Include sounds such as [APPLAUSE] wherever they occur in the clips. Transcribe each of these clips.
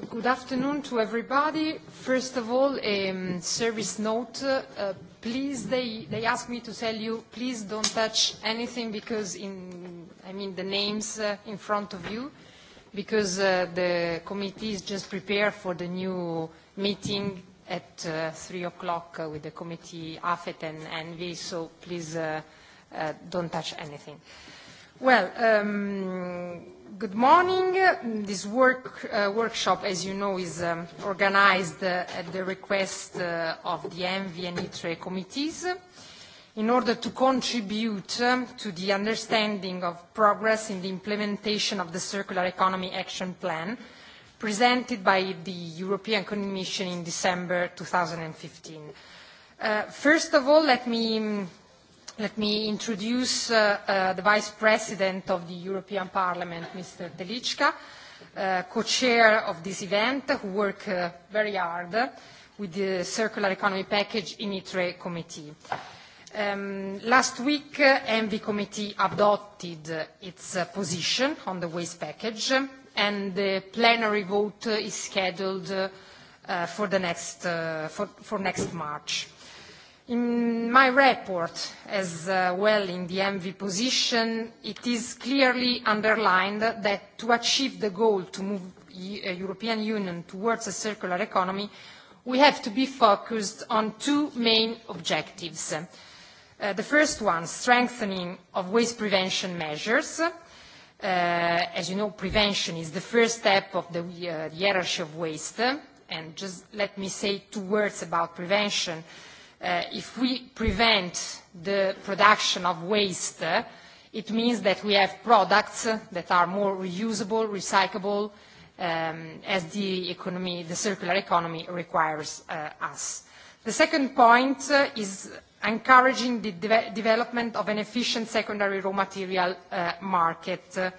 So good afternoon to everybody. First of all, a um, service note. Uh, please, they, they asked me to tell you, please don't touch anything because, in, I mean, the names uh, in front of you, because uh, the committee is just prepared for the new meeting at uh, 3 o'clock uh, with the committee AFET and ENVY, so please uh, uh, don't touch anything. Well, um, Good morning. This work, uh, workshop, as you know, is um, organized uh, at the request uh, of the ENVI and ITRE committees in order to contribute um, to the understanding of progress in the implementation of the Circular Economy Action Plan presented by the European Commission in December 2015. Uh, first of all, let me um, Let me introduce uh, uh, the Vice President of the European Parliament, Mr. Telichka, uh, co-chair of this event, who work uh, very hard with the Circular Economy Package in ITRE Committee. Um, last week, uh, ENVI Committee adopted its uh, position on the waste package, and the plenary vote uh, is scheduled uh, for, the next, uh, for, for next March. In my report, as uh, well in the MV position, it is clearly underlined that to achieve the goal to move the uh, European Union towards a circular economy, we have to be focused on two main objectives. Uh, the first one, strengthening of waste prevention measures. Uh, as you know, prevention is the first step of the, uh, the hierarchy of waste. And just let me say two words about prevention. Uh, uh, if we prevent the production of waste, uh, it means that we have products that are more reusable, recyclable, um, as the, economy, the circular economy requires uh, us. The second point uh, is encouraging the de development of an efficient secondary raw material uh, market. Uh,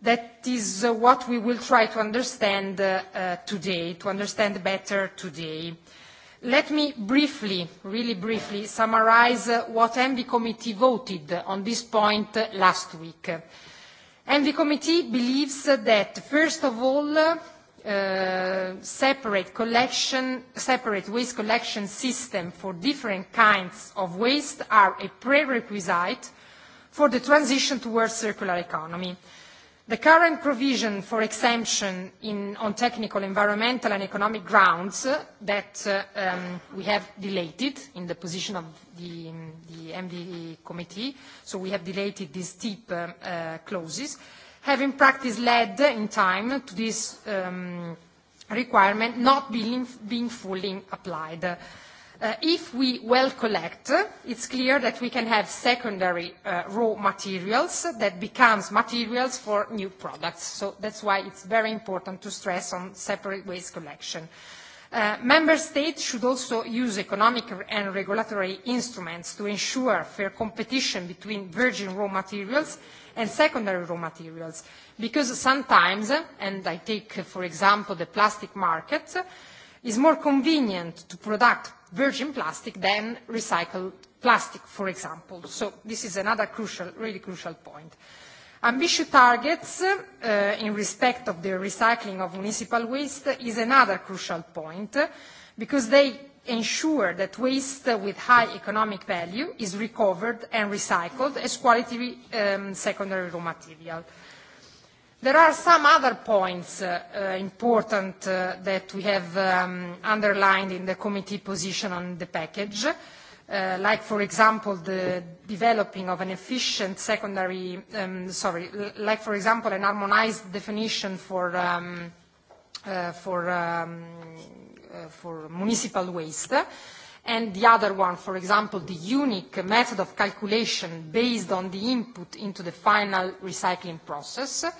that is uh, what we will try to understand uh, uh, today, to understand better today. Uh, Let me briefly, really briefly, summarize uh, what ENVI Committee voted on this point uh, last week. ENVI Committee believes that, first of all, uh, separate collection, separate waste collection system for different kinds of waste are a prerequisite for the transition towards circular economy. The current provision for exemption in, on technical, environmental and economic grounds uh, that uh, um, we have dilated in the position of the, the MDE committee, so we have dilated these steep um, uh, uh, clauses, have in practice led in time to this um, requirement not being, being fully applied. Uh, Uh, if we well collect, it's clear that we can have secondary uh, raw materials that becomes materials for new products. That's why it's very important to stress on separate waste collection. Uh, member states should also use economic and regulatory instruments to ensure fair competition between virgin raw materials and secondary raw materials. Sometimes, and I take, for example, the plastic market, it's more convenient to virgin plastic than recycled plastic, for example. So this is another crucial, really crucial point. Ambitious targets uh, in respect of the recycling of municipal waste is another crucial point because they ensure that waste with high economic value is recovered and recycled as quality um, secondary raw material. Uh, There are some other points uh, uh, important uh, that we have um, underlined in the committee position on the package, uh, like, for example, the developing of an efficient secondary, um, sorry, like, for example, an harmonized definition for, um, uh, for, um, uh, for municipal waste. And the other one, for example, the unique method of calculation based on the input into the final recycling process. Uh,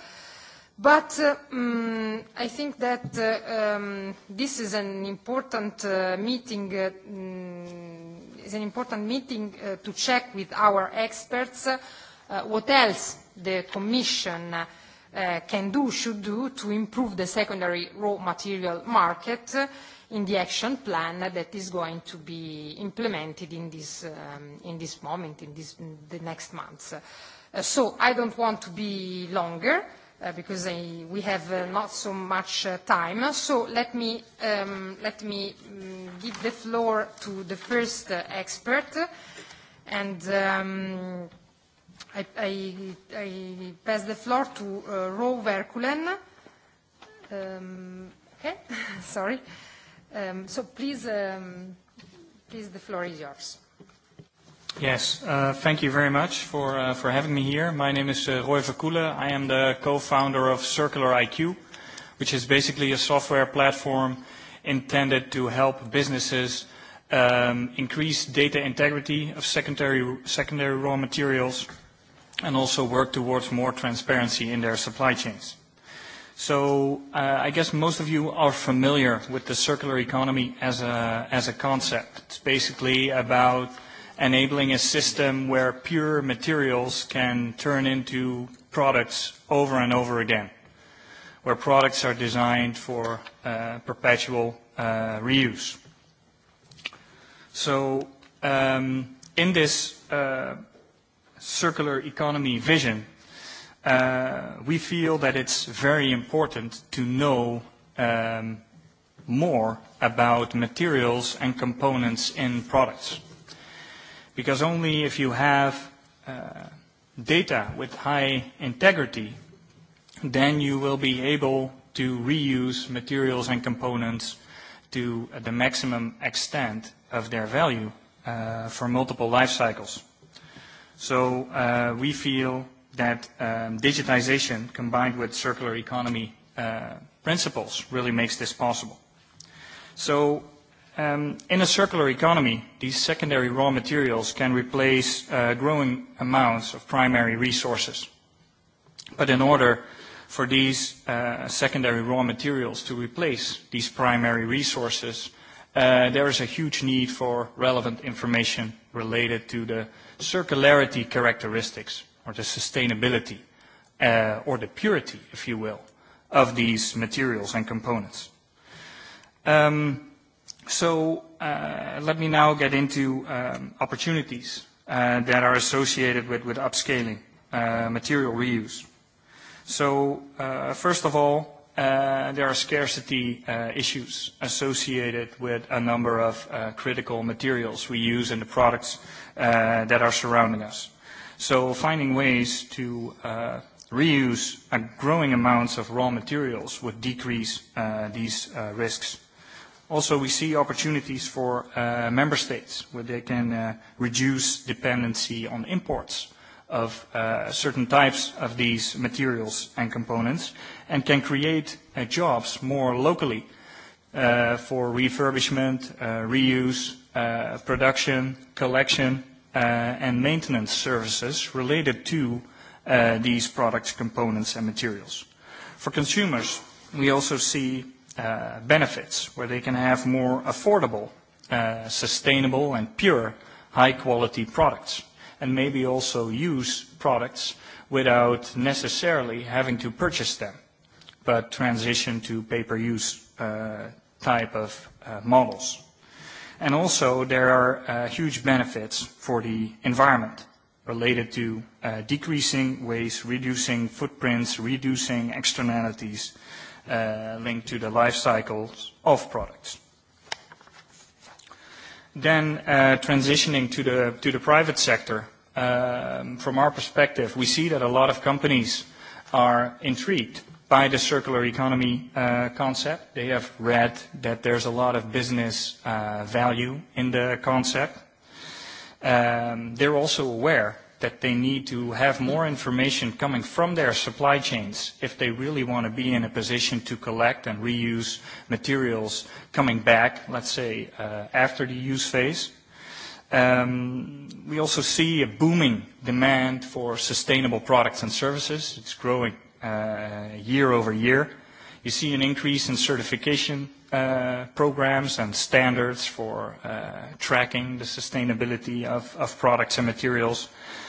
But um, I think that uh, um, this is an important uh, meeting. Uh, mm, is an important meeting uh, to check with our experts uh, what else the Commission uh, can do, should do, to improve the secondary raw material market uh, in the action plan that is going to be implemented in this um, in this moment, in, this, in the next months. Uh, so I don't want to be longer. Uh, because I, we have uh, not so much uh, time. So let me, um, let me um, give the floor to the first uh, expert. And um, I, I, I pass the floor to uh, Ro Verkulen. Um, okay, [LAUGHS] sorry. Um, so please, um, please, the floor is yours. Yes, uh, thank you very much for, uh, for having me here. My name is uh, Roy Verkoelen. I am the co-founder of Circular IQ, which is basically a software platform intended to help businesses um, increase data integrity of secondary, secondary raw materials and also work towards more transparency in their supply chains. So uh, I guess most of you are familiar with the circular economy as a, as a concept. It's basically about enabling a system where pure materials can turn into products over and over again, where products are designed for uh, perpetual uh, reuse. So um, in this uh, circular economy vision, uh, we feel that it's very important to know um, more about materials and components in products because only if you have uh, data with high integrity, then you will be able to reuse materials and components to uh, the maximum extent of their value uh, for multiple life cycles. So uh, we feel that um, digitization combined with circular economy uh, principles really makes this possible. So Um, in a circular economy, these secondary raw materials can replace uh, growing amounts of primary resources. But in order for these uh, secondary raw materials to replace these primary resources, uh, there is a huge need for relevant information related to the circularity characteristics or the sustainability uh, or the purity, if you will, of these materials and components. Um, Uh, let me now get into um, opportunities uh, that are associated with upscaling uh, material reuse. First of all, there are scarcity issues associated with a number of critical materials we use in the products that are surrounding us. Finding ways to reuse growing amounts of raw materials would decrease these risks. Also, we see opportunities for uh, member states where they can uh, reduce dependency on imports of uh, certain types of these materials and components and can create uh, jobs more locally uh, for refurbishment, uh, reuse, uh, production, collection, uh, and maintenance services related to uh, these products, components, and materials. For consumers, we also see Uh, benefits, where they can have more affordable, uh, sustainable, and pure high-quality products, and maybe also use products without necessarily having to purchase them, but transition to pay-per-use uh, type of models. Also, there are huge benefits for the environment related to decreasing waste, reducing footprints, reducing externalities, Uh, linked to the life cycles of products. Uh, transitioning to the private sector, um, from our perspective, we see that a lot of companies are intrigued by the circular economy uh, concept. They have read that there's a lot of business value in the concept. Um, they're also aware that they need to have more information coming from their supply chains if they really want to be in a position to collect and reuse materials coming back, let's say, uh, after the use phase. Um, we also see a booming demand for sustainable products and services. It's growing uh, year over year. You see an increase in certification uh, programs and standards for uh, tracking the sustainability of, of products and materials. Uh,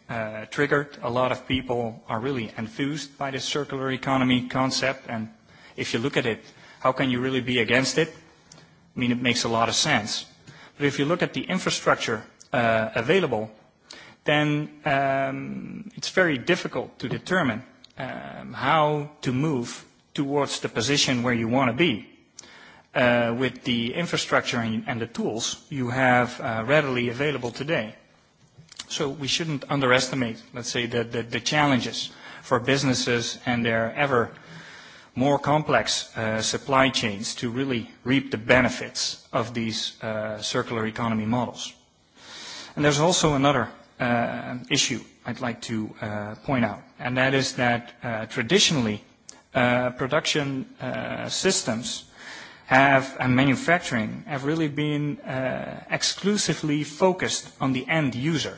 uh, triggered. A lot of people are really enthused by the circular economy concept, and if you look at it, how can you really be against it? I mean, it makes a lot of sense. But if you look at the infrastructure uh, available, then um, it's very difficult to determine um, how to move towards the position where you want to be. Uh, with the infrastructure and, and the tools you have uh, readily available today. So we shouldn't underestimate, let's say, the, the, the challenges for businesses and their ever more complex uh, supply chains to really reap the benefits of these uh, circular economy models. And there's also another uh, issue I'd like to uh, point out, and that is that uh, traditionally uh, production uh, systems have, and manufacturing have really been uh, exclusively focused on the end user,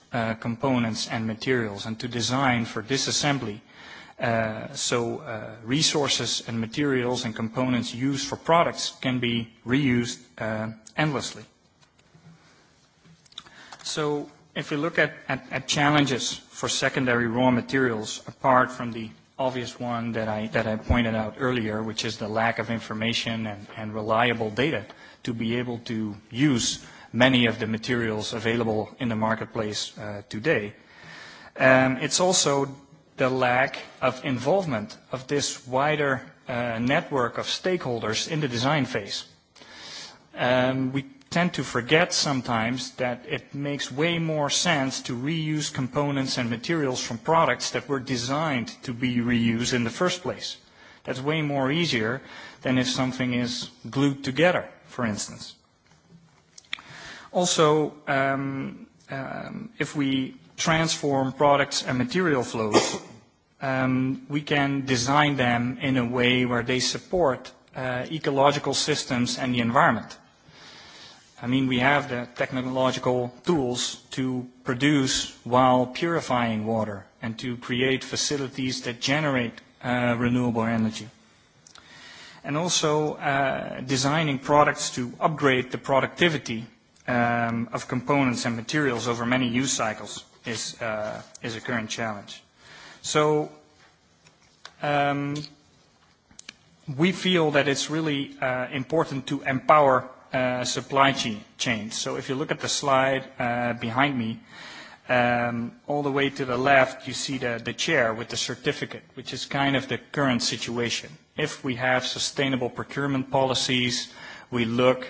Uh, components and materials and to design for disassembly. Uh, so uh, resources and materials and components used for products can be reused uh, endlessly. So if we look at, at, at challenges for secondary raw materials, apart from the obvious one that I, that I pointed out earlier, which is the lack of information and, and reliable data to be able to use uh, many of the materials available in the marketplace uh, today. Um, it's also the lack of involvement of this wider uh, network of stakeholders in the design phase. Um, we tend to forget sometimes that it makes way more sense to reuse components and materials from products that were designed to be reused in the first place. That's way more easier than if something is glued together, for instance. Also, um, um, if we transform products and material flows, um, we can design them in a way where they support uh, ecological systems and the environment. I mean, we have the technological tools to produce while purifying water and to create facilities that generate uh, renewable energy. And also, uh, designing products to upgrade the productivity um, of components and materials over many use cycles is, uh, is a current challenge. So um, we feel that it's really uh, important to empower uh, supply chain chains. So if you look at the slide uh, behind me, um, all the way to the left, you see the, the chair with the certificate, which is kind of the current situation. If we have sustainable procurement policies, we look uh,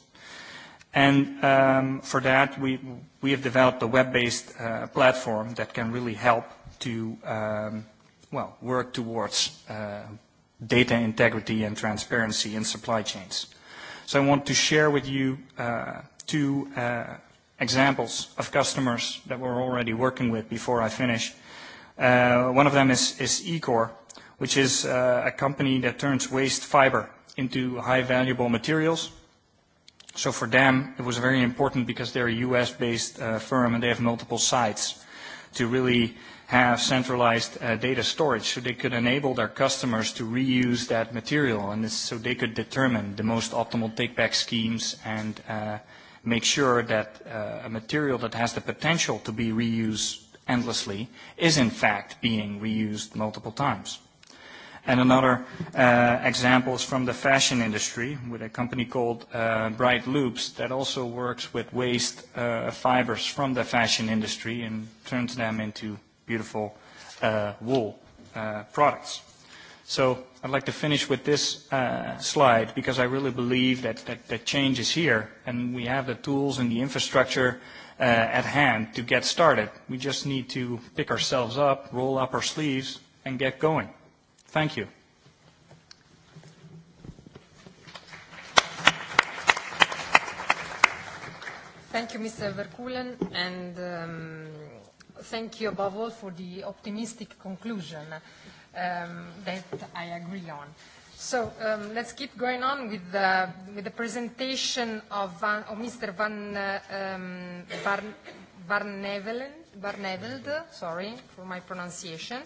And um, for that, we, we have developed a web-based uh, platform that can really help to, um, well, work towards uh, data integrity and transparency in supply chains. So I want to share with you uh, two uh, examples of customers that we're already working with before I finish. Uh, one of them is, is Ecor, which is uh, a company that turns waste fiber into high valuable materials. So for them, it was very important because they're a U.S.-based uh, firm, and they have multiple sites to really have centralized uh, data storage so they could enable their customers to reuse that material and so they could determine the most optimal take-back schemes and uh, make sure that a material that has the potential to be reused endlessly is, in fact, being reused multiple times. And another uh, example is from the fashion industry with a company called uh, Bright Loops that also works with waste uh, fibers from the fashion industry and turns them into beautiful uh, wool uh, products. So I'd like to finish with this uh, slide because I really believe that, that that change is here and we have the tools and the infrastructure uh, at hand to get started. We just need to pick ourselves up, roll up our sleeves, and get going. Thank you. Thank you, Mr. Verkulen, and um, thank you above all for the optimistic conclusion um, that I agree on. So um, let's keep going on with the, with the presentation of, Van, of Mr. Van uh, um, Barnevelde, Barn sorry for my pronunciation. Uh,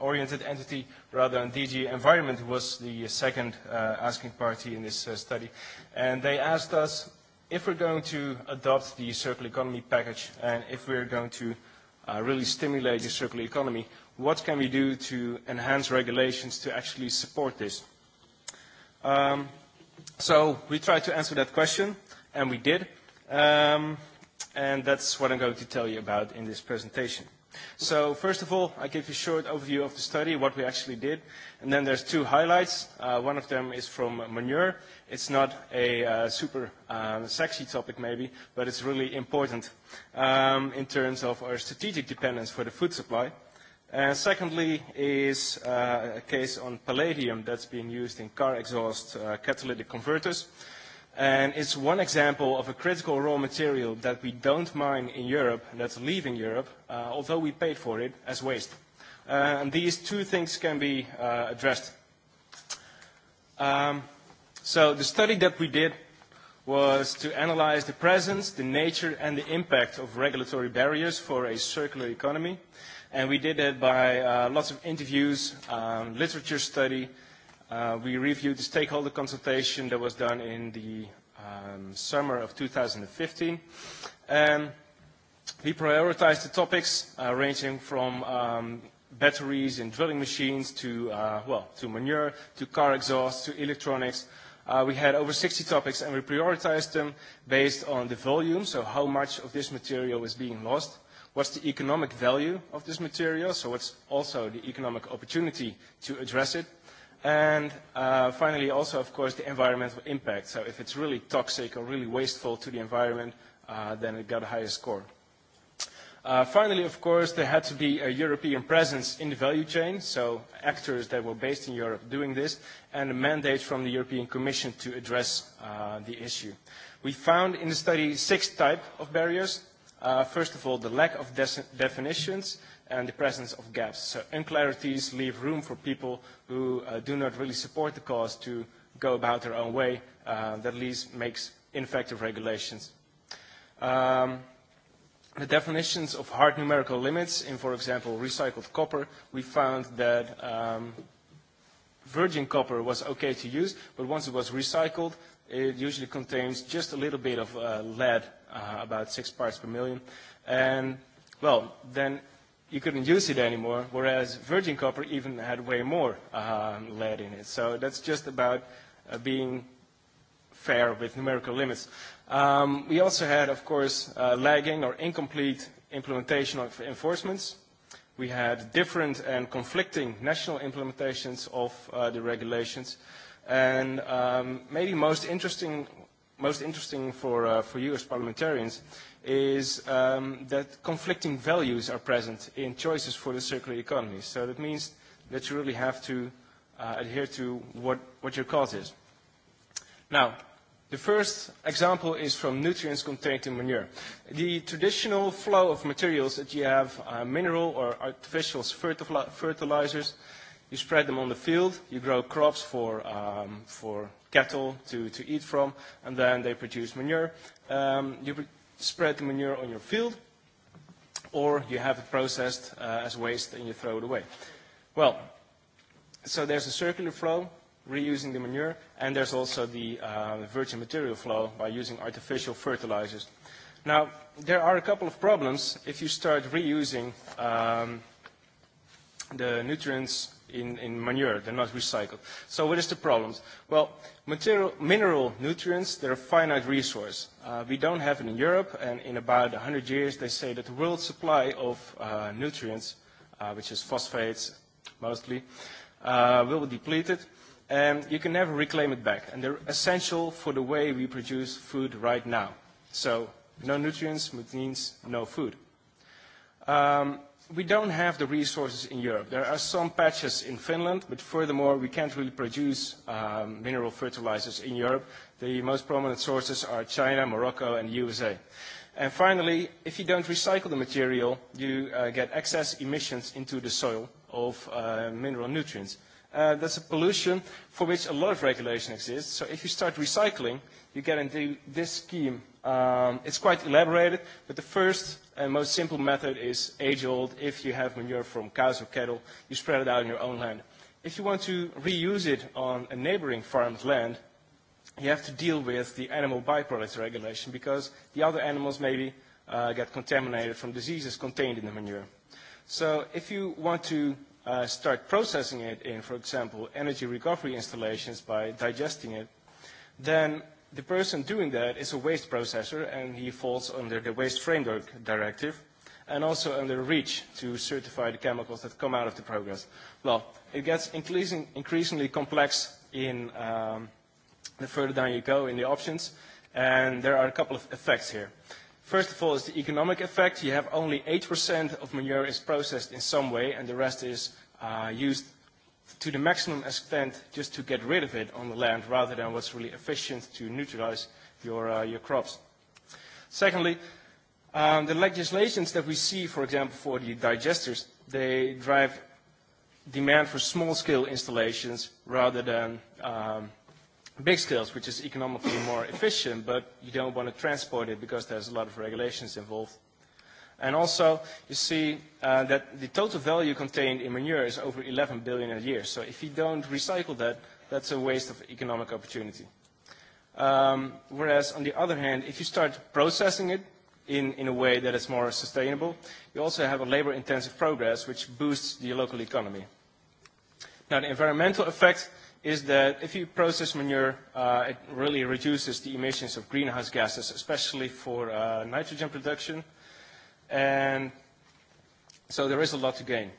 oriented entity rather than DG Environment was the second uh, asking party in this uh, study. And they asked us if we're going to adopt the circular economy package and if we're going to uh, really stimulate the circular economy, what can we do to enhance regulations to actually support this? Um, so we tried to answer that question, and we did. Um, and that's what I'm going to tell you about in this presentation. So first of all, I give you a short overview of the study, what we actually did. And then there's two highlights. Uh, one of them is from manure. It's not a uh, super uh, sexy topic maybe, but it's really important um, in terms of our strategic dependence for the food supply. And secondly is uh, a case on palladium that's being used in car exhaust uh, catalytic converters. Uh, And it's one example of a critical raw material that we don't mine in Europe, that's leaving Europe, uh, although we paid for it as waste. Uh, and these two things can be uh, addressed. Um, so the study that we did was to analyze the presence, the nature, and the impact of regulatory barriers for a circular economy. And we did that by uh, lots of interviews, um, literature study, Uh, we reviewed the stakeholder consultation that was done in the um, summer of 2015. And um, we prioritized the topics uh, ranging from um, batteries in drilling machines to, uh, well, to manure, to car exhaust, to electronics. Uh, we had over 60 topics and we prioritized them based on the volume, so how much of this material is being lost, what's the economic value of this material, so what's also the economic opportunity to address it, And uh, finally, also, of course, the environmental impact. So if it's really toxic or really wasteful to the environment, uh, then it got a higher score. Uh, finally, of course, there had to be a European presence in the value chain, so actors that were based in Europe doing this, and a mandate from the European Commission to address uh, the issue. We found in the study six types of barriers. Uh, first of all, the lack of definitions and the presence of gaps. So unclarities leave room for people who uh, do not really support the cause to go about their own way. Uh, that least makes ineffective regulations. Um, the definitions of hard numerical limits in, for example, recycled copper, we found that um, virgin copper was okay to use, but once it was recycled, it usually contains just a little bit of uh, lead, uh, about six parts per million. And, well, then you couldn't use it anymore, whereas virgin copper even had way more um, lead in it. So that's just about uh, being fair with numerical limits. Um, we also had, of course, uh, lagging or incomplete implementation of enforcements. We had different and conflicting national implementations of uh, the regulations. And um, maybe most interesting most interesting for, uh, for you as parliamentarians is um, that conflicting values are present in choices for the circular economy. So that means that you really have to uh, adhere to what, what your cause is. Now, the first example is from nutrients contained in manure. The traditional flow of materials that you have, uh, mineral or artificial fertilizers, fertilizers you spread them on the field, you grow crops for, um, for cattle to, to eat from, and then they produce manure. Um, you pr spread the manure on your field, or you have it processed uh, as waste and you throw it away. Well, so there's a circular flow, reusing the manure, and there's also the uh, virgin material flow by using artificial fertilizers. Now, there are a couple of problems if you start reusing um, the nutrients in, in manure. They're not recycled. So what is the problem? Well, material, mineral nutrients, they're a finite resource. Uh, we don't have it in Europe, and in about 100 years, they say that the world supply of uh, nutrients, uh, which is phosphates mostly, uh, will be depleted, and you can never reclaim it back. And they're essential for the way we produce food right now. So no nutrients means no food. Um, we don't have the resources in Europe. There are some patches in Finland, but furthermore, we can't really produce um, mineral fertilizers in Europe. The most prominent sources are China, Morocco, and USA. And finally, if you don't recycle the material, you uh, get excess emissions into the soil of uh, mineral nutrients. Uh, that's a pollution for which a lot of regulation exists. So if you start recycling, you get into this scheme Um, it's quite elaborated, but the first and most simple method is age-old. If you have manure from cows or cattle, you spread it out on your own land. If you want to reuse it on a neighboring farm's land, you have to deal with the animal byproducts regulation because the other animals maybe uh, get contaminated from diseases contained in the manure. So if you want to uh, start processing it in, for example, energy recovery installations by digesting it, then the person doing that is a waste processor and he falls under the waste framework directive and also under reach to certify the chemicals that come out of the progress. Well, it gets increasing, increasingly complex in um, the further down you go in the options and there are a couple of effects here. First of all is the economic effect. You have only 8% of manure is processed in some way and the rest is uh, used to the maximum extent just to get rid of it on the land rather than what's really efficient to neutralize your, uh, your crops. Secondly, um, the legislations that we see, for example, for the digesters, they drive demand for small-scale installations rather than um, big scales, which is economically more efficient, but you don't want to transport it because there's a lot of regulations involved. And also, you see uh, that the total value contained in manure is over 11 billion a year. So if you don't recycle that, that's a waste of economic opportunity. Um, whereas, on the other hand, if you start processing it in, in a way that is more sustainable, you also have a labor-intensive progress which boosts the local economy. Now, the environmental effect is that if you process manure, uh, it really reduces the emissions of greenhouse gases, especially for uh, nitrogen production. And so there is a lot to gain.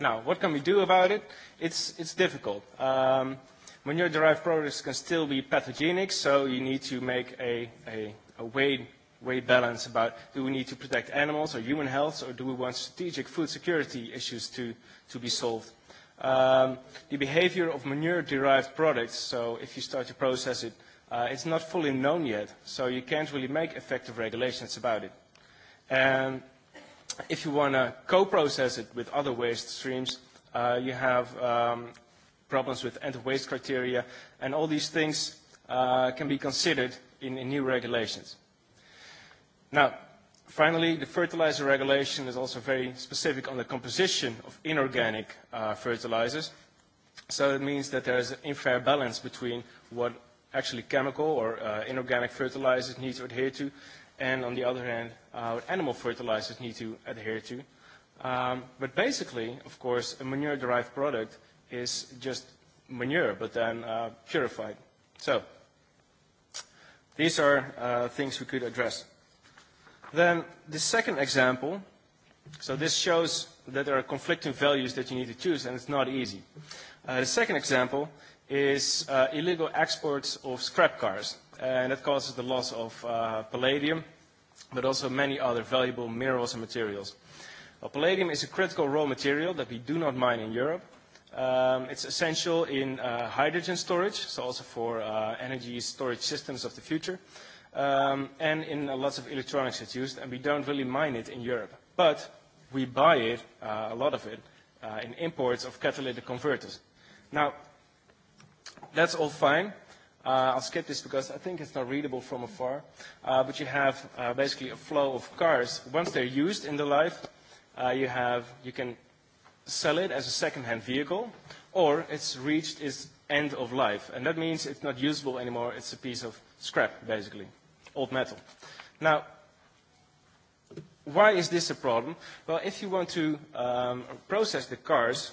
Now, what can we do about it? It's, it's difficult. Um, Manure-derived products can still be pathogenic, so you need to make a, a, a weight, weight balance about do we need to protect animals or human health, or do we want strategic food security issues to, to be solved. Um, the behavior of manure-derived products, so if you start to process it, uh, it's not fully known yet, so you can't really make effective regulations about it. And if you want to co-process it with other waste streams, uh, you have um, problems with end-of-waste criteria, and all these things uh, can be considered in, in new regulations. Now, finally, the fertilizer regulation is also very specific on the composition of inorganic uh, fertilizers. So it means that there is an unfair balance between what actually chemical or uh, inorganic fertilizers need to adhere to and on the other hand, our uh, animal fertilizers need to adhere to. Um, but basically, of course, a manure-derived product is just manure, but then uh, purified. So these are uh, things we could address. Then the second example, so this shows that there are conflicting values that you need to choose, and it's not easy. Uh, the second example is uh, illegal exports of scrap cars. Uh, and that causes the loss of uh, palladium, but also many other valuable minerals and materials. Well, palladium is a critical raw material that we do not mine in Europe. Um, it's essential in uh, hydrogen storage, so also for uh, energy storage systems of the future, um, and in uh, lots of electronics it's used, and we don't really mine it in Europe. But we buy it, uh, a lot of it, uh, in imports of catalytic converters. Now, that's all fine, Uh, I'll skip this because I think it's not readable from afar. Uh, but you have uh, basically a flow of cars. Once they're used in the life, uh, you, have, you can sell it as a second-hand vehicle, or it's reached its end of life. And that means it's not usable anymore. It's a piece of scrap, basically, old metal. Now, why is this a problem? Well, if you want to um, process the cars,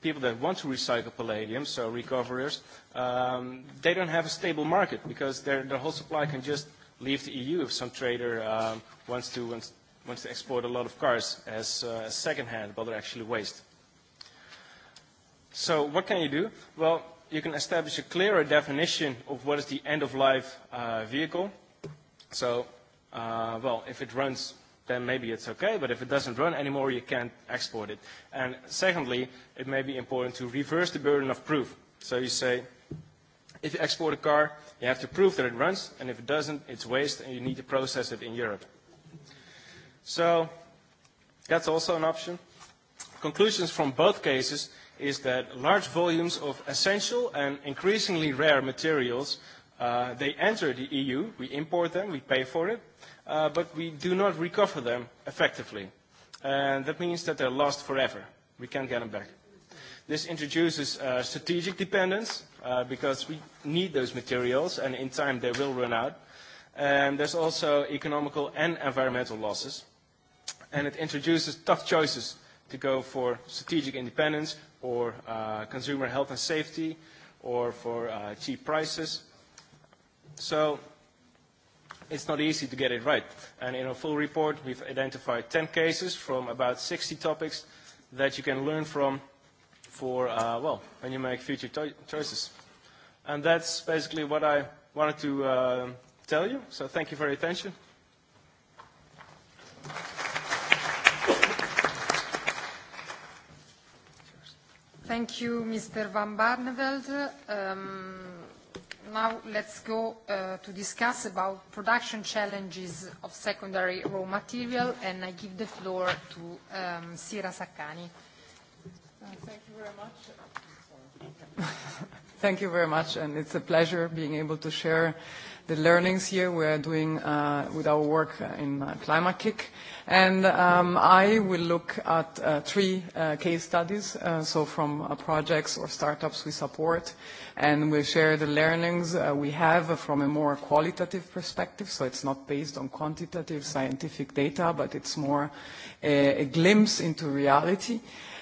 people that want to recycle palladium, so recoverers, um, they don't have a stable market because their, their whole supply can just leave the EU if some trader um, wants, to, wants, wants to export a lot of cars as uh, secondhand, but they're actually waste. So what can you do? Well, you can establish a clearer definition of what is the end-of-life uh, vehicle. So, uh, well, if it runs then maybe it's okay, but if it doesn't run anymore, you can't export it. And secondly, it may be important to reverse the burden of proof. So you say, if you export a car, you have to prove that it runs, and if it doesn't, it's waste, and you need to process it in Europe. So that's also an option. Conclusions from both cases is that large volumes of essential and increasingly rare materials Uh, they enter the EU, we import them, we pay for it, uh, but we do not recover them effectively. And that means that they're lost forever. We can't get them back. This introduces uh, strategic dependence uh, because we need those materials and in time they will run out. And there's also economical and environmental losses. And it introduces tough choices to go for strategic independence or uh, consumer health and safety or for uh, cheap prices. So it's not easy to get it right. And in a full report, we've identified 10 cases from about 60 topics that you can learn from for, uh, well, when you make future to choices. And that's basically what I wanted to uh, tell you. So thank you for your attention. Thank you, Mr. Van Barneveld. Um now let's go uh, to discuss about production challenges of secondary raw material, and I give the floor to um, Sira Saccani. Uh, thank you very much. [LAUGHS] thank you very much, and it's a pleasure being able to share the learnings here we are doing uh, with our work uh, in uh, ClimateKick. And um, I will look at uh, three uh, case studies, uh, so from uh, projects or startups we support, and we'll share the learnings uh, we have from a more qualitative perspective, so it's not based on quantitative scientific data, but it's more a, a glimpse into reality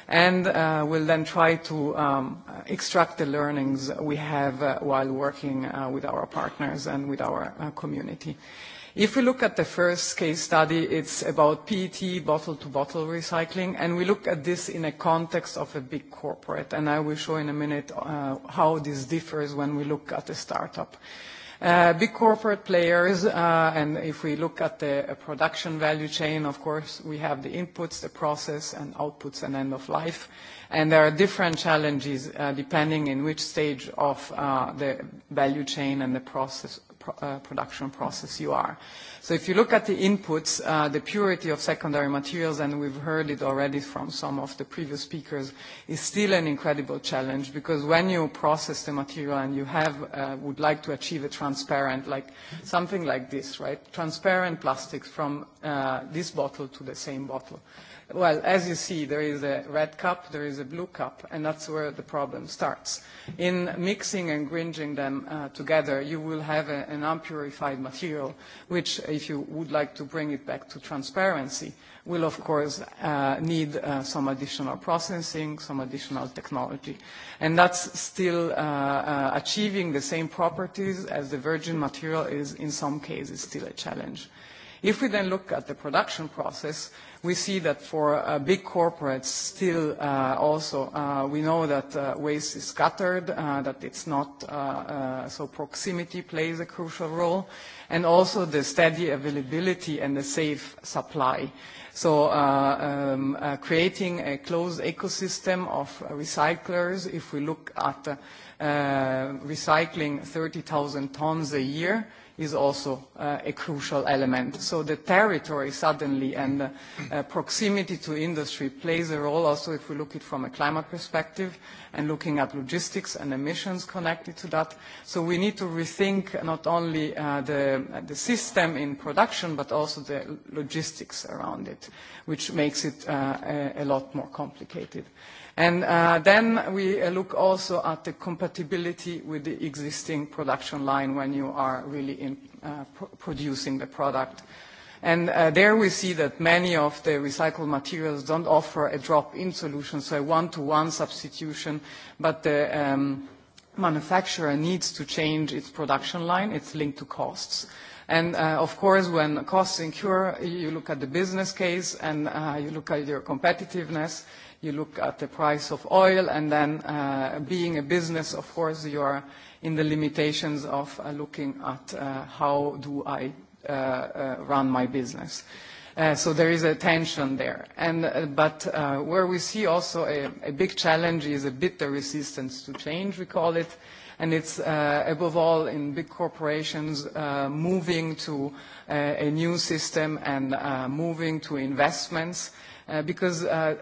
and uh, we'll then try to um, extract the learnings we have uh, while working uh, with our partners and with our uh, community. If we look at the first case study, it's about PET bottle-to-bottle recycling, and we look at this in a context of a big corporate, and I will show in a minute uh, how this differs when we look at a startup. Uh, Uh, big corporate players, uh, and if we look at the uh, production value chain, of course, we have the inputs, the process, and outputs, and end of life. And there are different challenges uh, depending in which stage of uh, the value chain and the process, pro uh, production process you are. So if you look at the inputs, uh, the purity of secondary materials, and we've heard it already from some of the previous speakers, is still an incredible challenge because when you process the material and you have, uh, would like to achieve a transparent, like something like this, right? Transparent plastics from uh, this bottle to the same bottle. Uh, Well, as you see, there is a red cup, there is a blue cup, and that's where the problem starts. In mixing and gringing them uh, together, you will have a, an unpurified material, which, if you would like to bring it back to transparency, will, of course, uh, need uh, some additional processing, some additional technology. And that's still uh, uh, achieving the same properties as the virgin material is, in some cases, still a challenge. If we then look at the production process, we see that for uh, big corporates still uh, also uh, we know that uh, waste is scattered, uh, that it's not uh, uh, so proximity plays a crucial role, and also the steady availability and the safe supply. So uh, um, uh, creating a closed ecosystem of recyclers, if we look at uh, uh, recycling 30,000 tons a year, is also uh, a crucial element. So the territory suddenly and uh, proximity to industry plays a role also if we look at it from a climate perspective and looking at logistics and emissions connected to that. So we need to rethink not only uh, the, the system in production but also the logistics around it, which makes it uh, a, a lot more complicated. And uh, then we uh, look also at the compatibility with the existing production line when you are really uh, producing the product. And there we see that many of the recycled materials don't offer a drop-in solution, so a one-to-one substitution, but the um, manufacturer needs to change its production line. It's linked to costs. And of course, when costs incur, you look at the business case and you look at your competitiveness you look at the price of oil, and then uh, being a business, of course, you are in the limitations of uh, looking at uh, how do I uh, uh, run my business. Uh, so there is a tension there. And, uh, but uh, where we see also a, a big challenge is a bitter resistance to change, we call it. And it's uh, above all in big corporations uh, moving to uh, a new system and uh, moving to investments. Uh, because uh,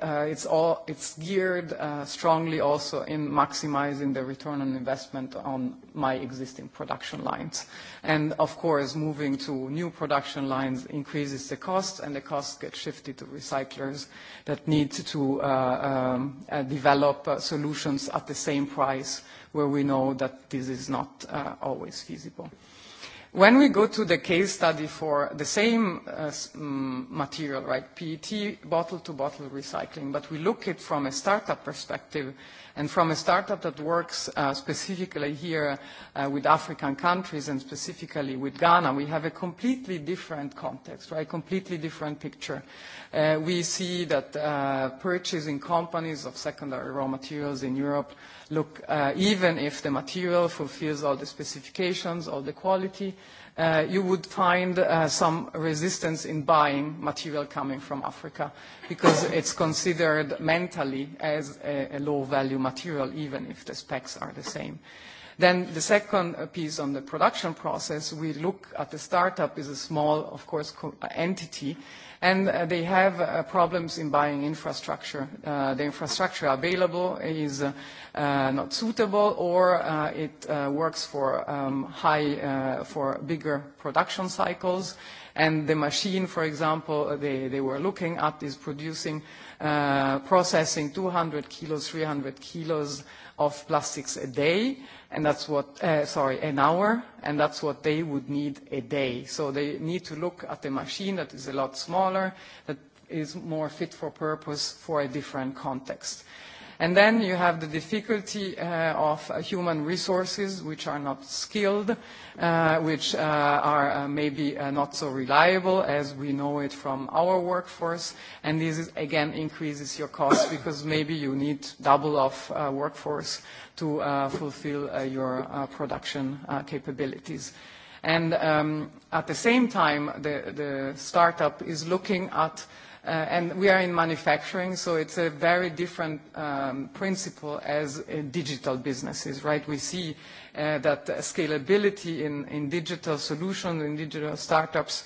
uh, it's geared strongly also in maximizing the return on investment on my existing production lines. Of course, moving to new production lines increases the cost, and the costs get shifted to recyclers that need to um, develop solutions at the same price where we know that this is not always feasible when we go to the case study for the same uh, mm, material, right, PET bottle-to-bottle -bottle recycling, but we look at it from a startup perspective, And from a startup that works uh, specifically here uh, with African countries and specifically with Ghana, we have a completely different context, right? Completely different picture. Uh, we see that uh, purchasing companies of secondary raw materials in Europe look, uh, even if the material fulfills all the specifications, all the quality, uh, uh, you would find uh, some resistance in buying material coming from Africa because it's considered mentally as a, a low-value material, even if the specs are the same. Uh, Then the second uh, piece on the production process, we look at the startup is a small, of course, uh, entity, and uh, they have problems in buying infrastructure. The infrastructure available is not suitable or it works for um, high for bigger production cycles. And the machine, for example, they were looking at is producing processing 200 kilos, 300 kilos of plastics a day, and that's what, uh, sorry, an hour, and that's what they would need a day. So they need to look at a machine that is a lot smaller, that is more fit for purpose for a different context. And then you have the difficulty uh, of uh, human resources which are not skilled, uh, which uh, are uh, maybe uh, not so reliable as we know it from our workforce. And this is, again increases your costs because maybe you need double of uh, workforce to uh, fulfill uh, your uh, production uh, capabilities. And um, at the same time, the, the startup is looking at uh, Uh, and we are in manufacturing, so it's a very different um, principle as uh, digital businesses, right? We see uh, that scalability in digital solutions, in digital startups,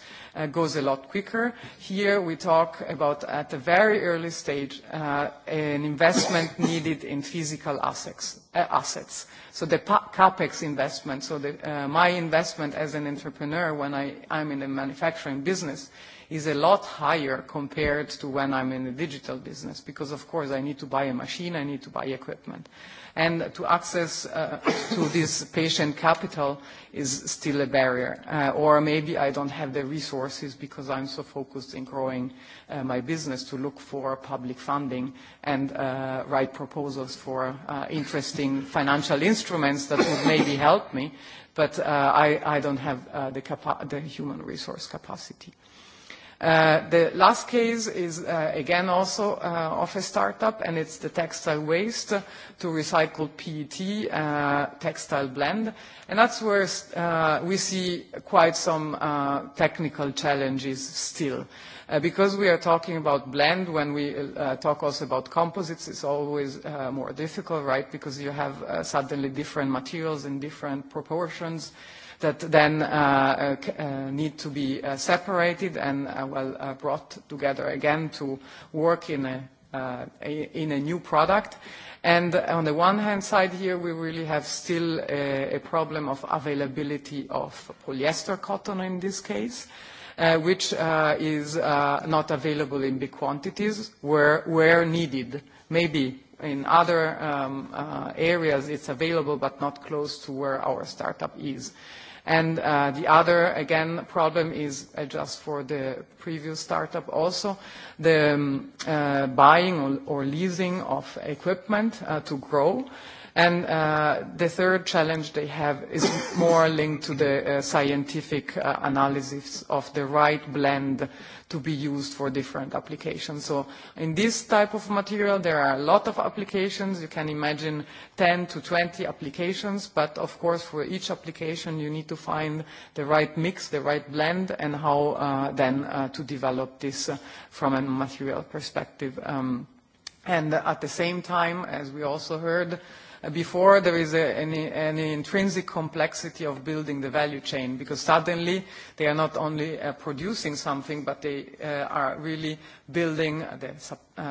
goes a lot quicker. Here, we talk about, at a very early stage, an investment [COUGHS] needed in physical assets, assets. So the CapEx investment, so the my investment as an entrepreneur when I'm in a manufacturing business, is a lot higher compared to when I'm in the digital business because, of course, I need to buy a machine, I need to buy equipment. And to access uh, to this patient capital is still a barrier. Uh, or maybe I don't have the resources because I'm so focused in growing uh, my business to look for public funding and uh, write proposals for uh, interesting financial instruments that would maybe help me. But uh, I, I don't have uh, the, capa- the human resource capacity. Uh, the last case is uh, again also uh, of a startup, and it's the textile waste to recycle PET uh, textile blend. And that's where uh, we see quite some uh, technical challenges still. Uh, because we are talking about blend, when we uh, talk also about composites, it's always uh, more difficult, right? Because you have uh, suddenly different materials in different proportions that then uh, uh, uh, need to be uh, separated and uh, well uh, brought together again to work in a, uh, in a new product. And on the one hand side here, we really have still a, a problem of availability of polyester cotton in this case. Uh, which uh, is uh, not available in big quantities where, where needed. Maybe in other um, uh, areas it's available but not close to where our startup is. Uh, And uh, the other, again, problem is uh, just for the previous startup also, the um, uh, buying or, or leasing of equipment uh, to grow. Uh, And uh, the third challenge they have is more linked to the uh, scientific uh, analysis of the right blend to be used for different applications. So in this type of material, there are a lot of applications. You can imagine 10 to 20 applications, but of course for each application, you need to find the right mix, the right blend, and how uh, then uh, to develop this uh, from a material perspective. Um, and at the same time, as we also heard, uh, before there is a, an, an intrinsic complexity of building the value chain because suddenly they are not only uh, producing something but they uh, are really building the uh,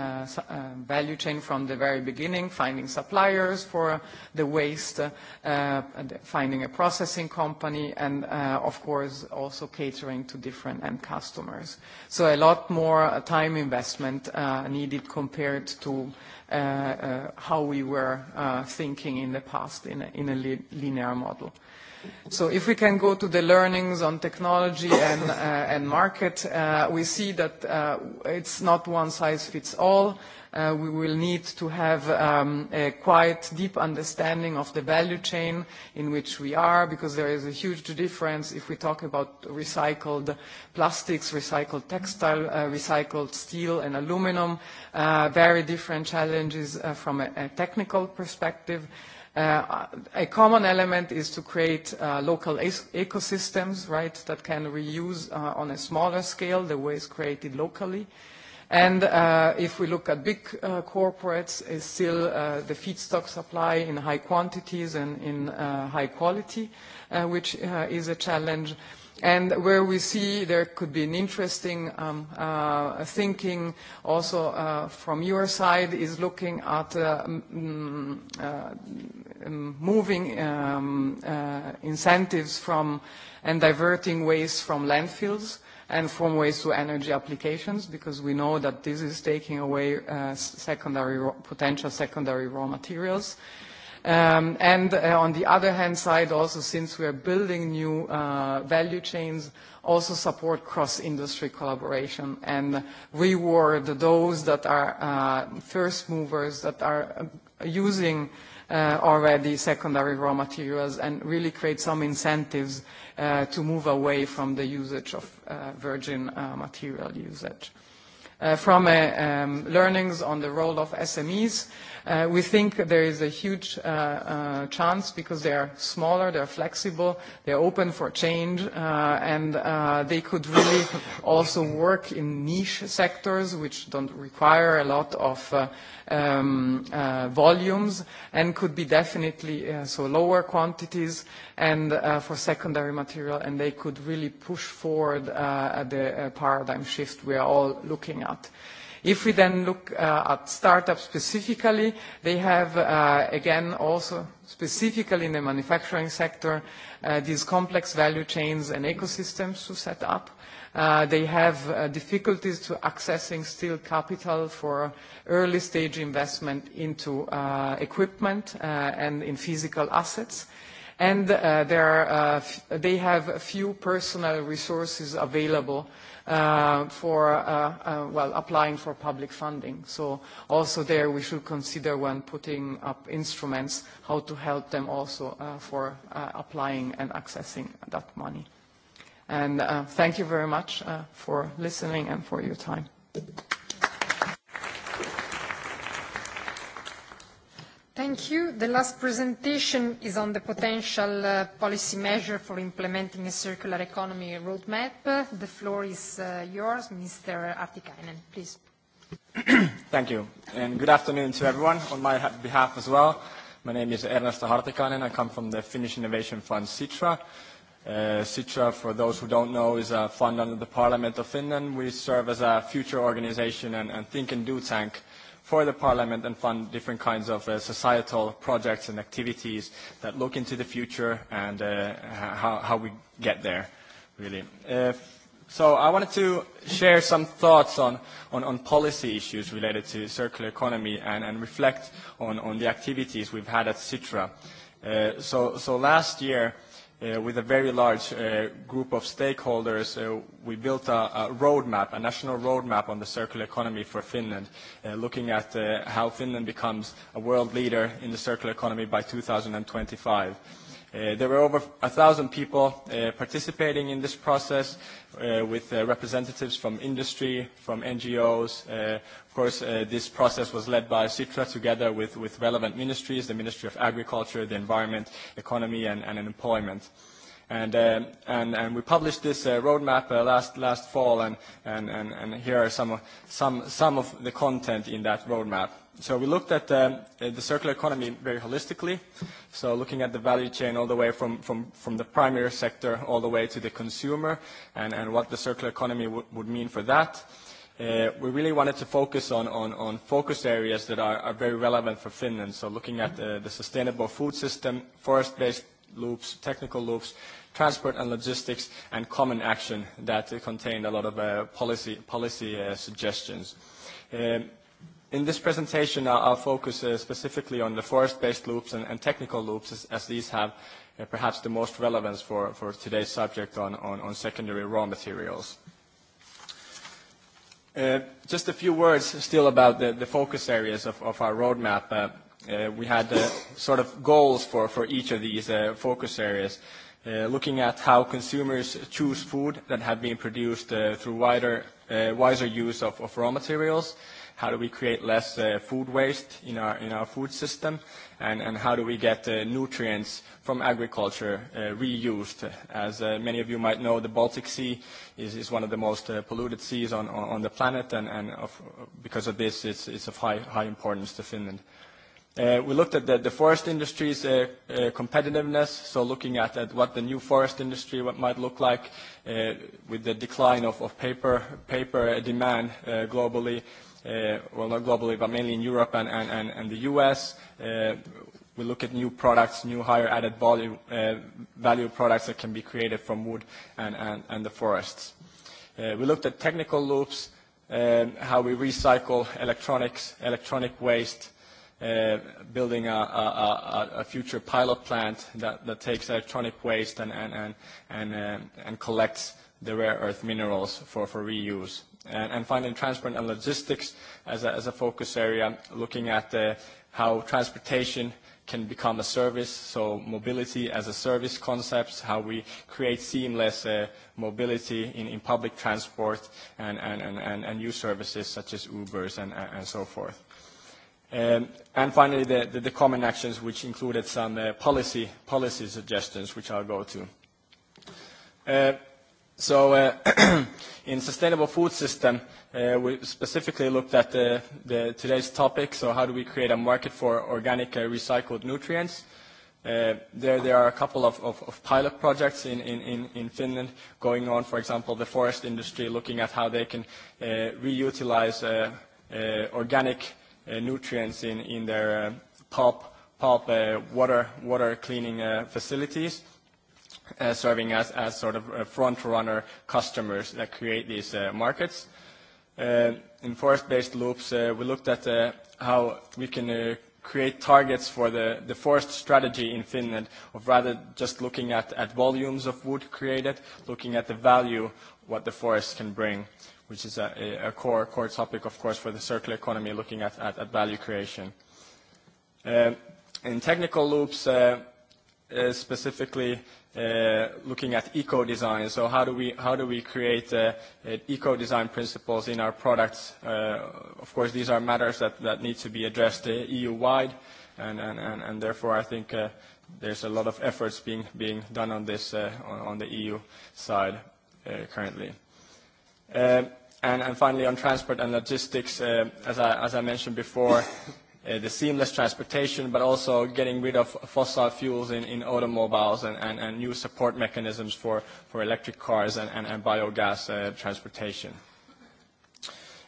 uh, value chain from the very beginning, finding suppliers for the waste, uh, finding a processing company and uh, of course also catering to different end customers. So a lot more uh, time investment uh, needed compared to uh, Uh, uh, how we were uh, thinking in the past in a linear model. If we can go to the learnings on technology and uh, market, uh, we see that uh, it's not one size fits all. We will need to have um, a quite deep understanding of the value chain in which we are, because there is a huge difference if we talk about recycled plastics, recycled textile, recycled steel and aluminum. Very different challenges from a technical perspective. Uh, a common element is to create uh, local ecosystems, right, that can reuse uh, on a smaller scale the waste created locally. And uh, if we look at big uh, corporates, it's still uh, the feedstock supply in high quantities and in uh, high quality, uh, which uh, is a challenge. Uh, And where we see there could be an interesting um, uh, thinking also uh, from your side is looking at uh, m- mm, uh, m- uh, moving um, uh, incentives from and diverting waste from landfills and from waste to energy applications because we know that this is taking away uh, secondary, potential secondary raw materials. Uh, Um, uh, on the other hand side, also, since we are building new uh, value chains, also support cross-industry collaboration and reward those that are uh, first movers, that are um, using already secondary raw materials and really create some incentives to move away from the usage of virgin material usage. Uh, from a, uh, um, learnings on the role of SMEs. Uh, we think there is a huge uh, uh, chance because they are smaller, they are flexible, they are open for change, uh, and uh, they could really also work in niche sectors which don't require a lot of uh, um, uh, volumes and could be definitely uh, so lower quantities and uh, for secondary material, and they could really push forward uh, the uh, paradigm shift we are all looking at out. If we then look uh, at startups specifically, they have, uh, again, also specifically in the manufacturing sector, uh, these complex value chains and ecosystems to set up. They have difficulties to accessing still capital for early-stage investment into equipment and in physical assets. They have few personal resources available uh, for uh, uh, well applying for public funding. So also there we should consider when putting up instruments how to help them also uh, for uh, applying and accessing that money. And uh, thank you very much uh, for listening and for your time. Thank you. Thank you. The last presentation is on the potential uh, policy measure for implementing a circular economy roadmap. The floor is uh, yours, Mr. Artikainen, please. [CLEARS THROAT] Thank you, and good afternoon to everyone on my behalf as well. My name is Ernesto Hartikainen. I come from the Finnish Innovation Fund, Citra. Uh, Citra, for those who don't know, is a fund under the Parliament of Finland. We serve as a future organization and, and think and do tank uh, for the parliament and fund different kinds of uh, societal projects and activities that look into the future and uh, how, how we get there, really. Uh, so I wanted to share some thoughts on, on, on policy issues related to circular economy and, and reflect on, on the activities we've had at Citra. Uh, so, so last year, uh, Uh, with a very large uh, group of stakeholders, uh, we built a, a roadmap, a national roadmap on the circular economy for Finland, uh, looking at uh, how Finland becomes a world leader in the circular economy by 2025. Uh, there were over 1,000 people uh, participating in this process uh, with uh, representatives from industry, from NGOs. Uh, of course, uh, this process was led by CITRA together with, with relevant ministries, the Ministry of Agriculture, the Environment, Economy, and, and Employment. Uh, And, um, and, and we published this uh, roadmap uh, last, last fall, and, and, and, and here are some of, some, some of the content in that roadmap. So we looked at um, the circular economy very holistically, so looking at the value chain all the way from, from, from the primary sector all the way to the consumer and, and what the circular economy w would mean for that. Uh, we really wanted to focus on, on, on focus areas that are, are very relevant for Finland, so looking at uh, the sustainable food system, forest-based loops, technical loops, transport and logistics, and common action that uh, contained a lot of uh, policy, policy uh, suggestions. Um, in this presentation, I'll, I'll focus uh, specifically on the forest-based loops and, and technical loops, as, as these have uh, perhaps the most relevance for, for today's subject on, on, on secondary raw materials. Uh, just a few words still about the, the focus areas of, of our roadmap. Uh, Uh, we had uh, sort of goals for, for each of these uh, focus areas. Uh, looking at how consumers choose food that have been produced uh, through wider, uh, wiser use of, of raw materials, how do we create less uh, food waste in our, in our food system, and, and how do we get uh, nutrients from agriculture uh, reused. As uh, many of you might know, the Baltic Sea is, is one of the most uh, polluted seas on, on, on the planet, and, and of, because of this, it's, it's of high, high importance to Finland. Uh, Uh, we looked at the forest industry's uh, uh, competitiveness, looking at what the new forest industry might look like with the decline of paper demand globally. Well, not globally, but mainly in Europe and the U.S. We look at new products, new higher added value products that can be created from wood and the forests. We looked at technical loops, um, how we recycle electronics, electronic waste, Uh, building a, a, a, a future pilot plant that, that takes electronic waste and, and, and, and, uh, and collects the rare earth minerals for, for reuse. And, and finally, transport and logistics as a, as a focus area, looking at uh, how transportation can become a service, so mobility as a service concepts, how we create seamless uh, mobility in, in public transport and, and, and, and new services such as Ubers and, and so forth. Um, finally, the common actions, which included some uh, policy suggestions, which I'll go to. Uh, uh, [CLEARS THROAT] in sustainable food system, we specifically looked at today's topic, how do we create a market for organic recycled nutrients? There are a couple of pilot projects in Finland going on. For example, the forest industry looking at how they can reutilize organic uh, nutrients in, in their uh, pulp, pulp uh, water, water cleaning uh, facilities, uh, serving as, as sort of uh, front runner customers that create these uh, markets. Uh, in forest based loops, uh, we looked at uh, how we can. Uh, create targets for the, the forest strategy in Finland of rather just looking at, at volumes of wood created, looking at the value what the forest can bring. Uh, which is a, a core, core topic, of course, for the circular economy, looking at, at, at value creation. Uh, in technical loops, uh, uh, specifically uh, looking at eco-design, so how do we, how do we create uh, uh, eco-design principles in our products? Uh, of course, these are matters that, that need to be addressed uh, EU-wide, and, and, and, and therefore I think uh, there's a lot of efforts being, being done on this uh, on, on the EU side uh, currently. Uh, and finally, on transport and logistics, uh, as I mentioned before, uh, the seamless transportation, but also getting rid of fossil fuels in automobiles and new support mechanisms for electric cars and biogas transportation.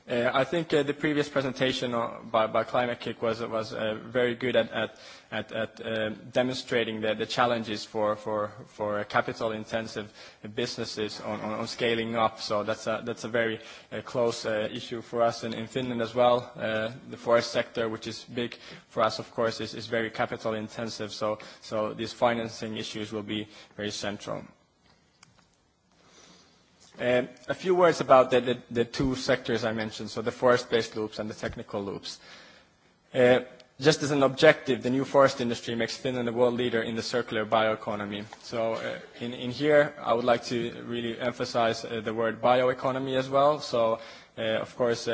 Uh, I think uh, the previous presentation uh, by, by Climate Kick was, was uh, very good at, at, at, at uh, demonstrating the, the challenges for, for, for uh, capital intensive businesses on, on, on scaling up. So that's a, that's a very uh, close uh, issue for us in, in Finland as well. Uh, the forest sector, which is big for us, of course, is, is very capital intensive. So, so these financing issues will be very central. Um, a few words about the two sectors I mentioned, so the forest-based loops and the technical loops. Uh, just as an objective, the new forest industry makes Finland a world leader in the circular bioeconomy. Uh, in here, I would like to really emphasize uh, the word bioeconomy as well. Of course,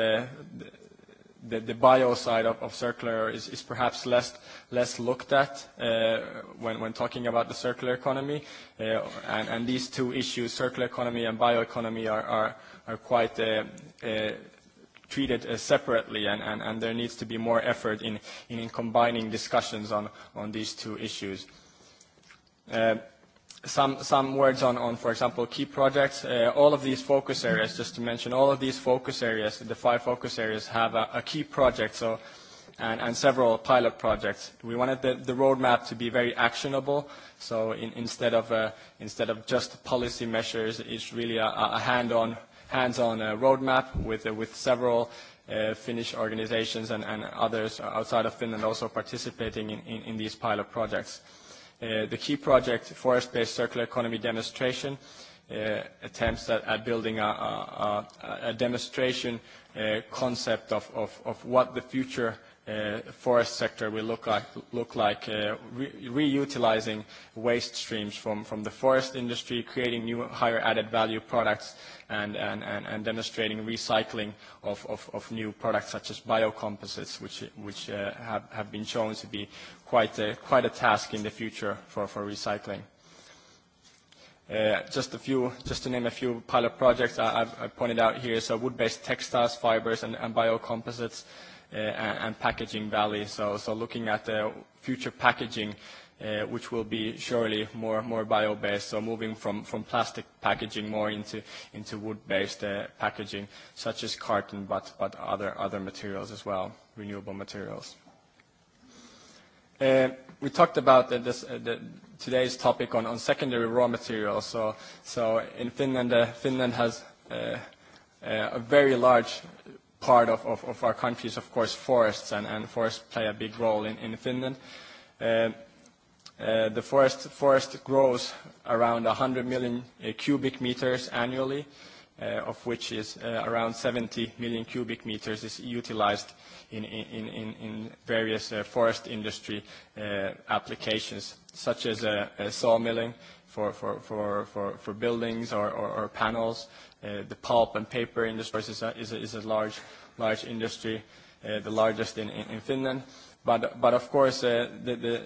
the bio side of circular is perhaps less looked at uh, when talking about the circular economy. Uh, and these two issues, circular economy and bioeconomy, are quite uh, treated separately, and there needs to be more effort in combining discussions on these two issues some some words on, for example, key projects. Uh, all of these focus areas, just to mention, all of these focus areas, the five focus areas, have a key project, so and several pilot projects. We wanted the roadmap to be very actionable, so uh, instead of just policy measures, it's really a hand-on, hands-on uh, roadmap with several Finnish organizations and others outside of Finland also participating in these pilot projects. Uh, the key project, forest-based circular economy demonstration, uh, attempts at, at building a, a, a demonstration uh, concept of, of, of what the future uh, forest sector will look like, look like uh, re reutilizing waste streams from, from the forest industry, creating new higher added value products, and, and, and, and demonstrating recycling of, of, of new products such as biocomposites, which, which uh, have, have been shown to be quite a, quite a task in the future for, for recycling. Uh, just a few, just to name a few pilot projects I, I've I pointed out here, so wood-based textiles, fibers, and, and biocomposites. Uh, Uh, and packaging valley. Looking at the future packaging, uh, which will be surely more bio-based, moving from plastic packaging more into wood-based uh, packaging, such as carton, but other materials as well, renewable materials. We talked about today's topic on secondary raw materials. In Finland has a very large part of, of, of our country is, of course, forests, and, and forests play a big role in, in Finland. Uh, uh, the forest, forest grows around 100 million uh, cubic meters annually, uh, of which is uh, around 70 million cubic meters is utilized in, in, in, in various uh, forest industry uh, applications, such as uh, uh, sawmilling for, for, for, for, for buildings or, or, or panels, uh, the pulp and paper industries is a, is a, is a large, large industry, uh, the largest in, in, in Finland. But, but of course, uh, the, the,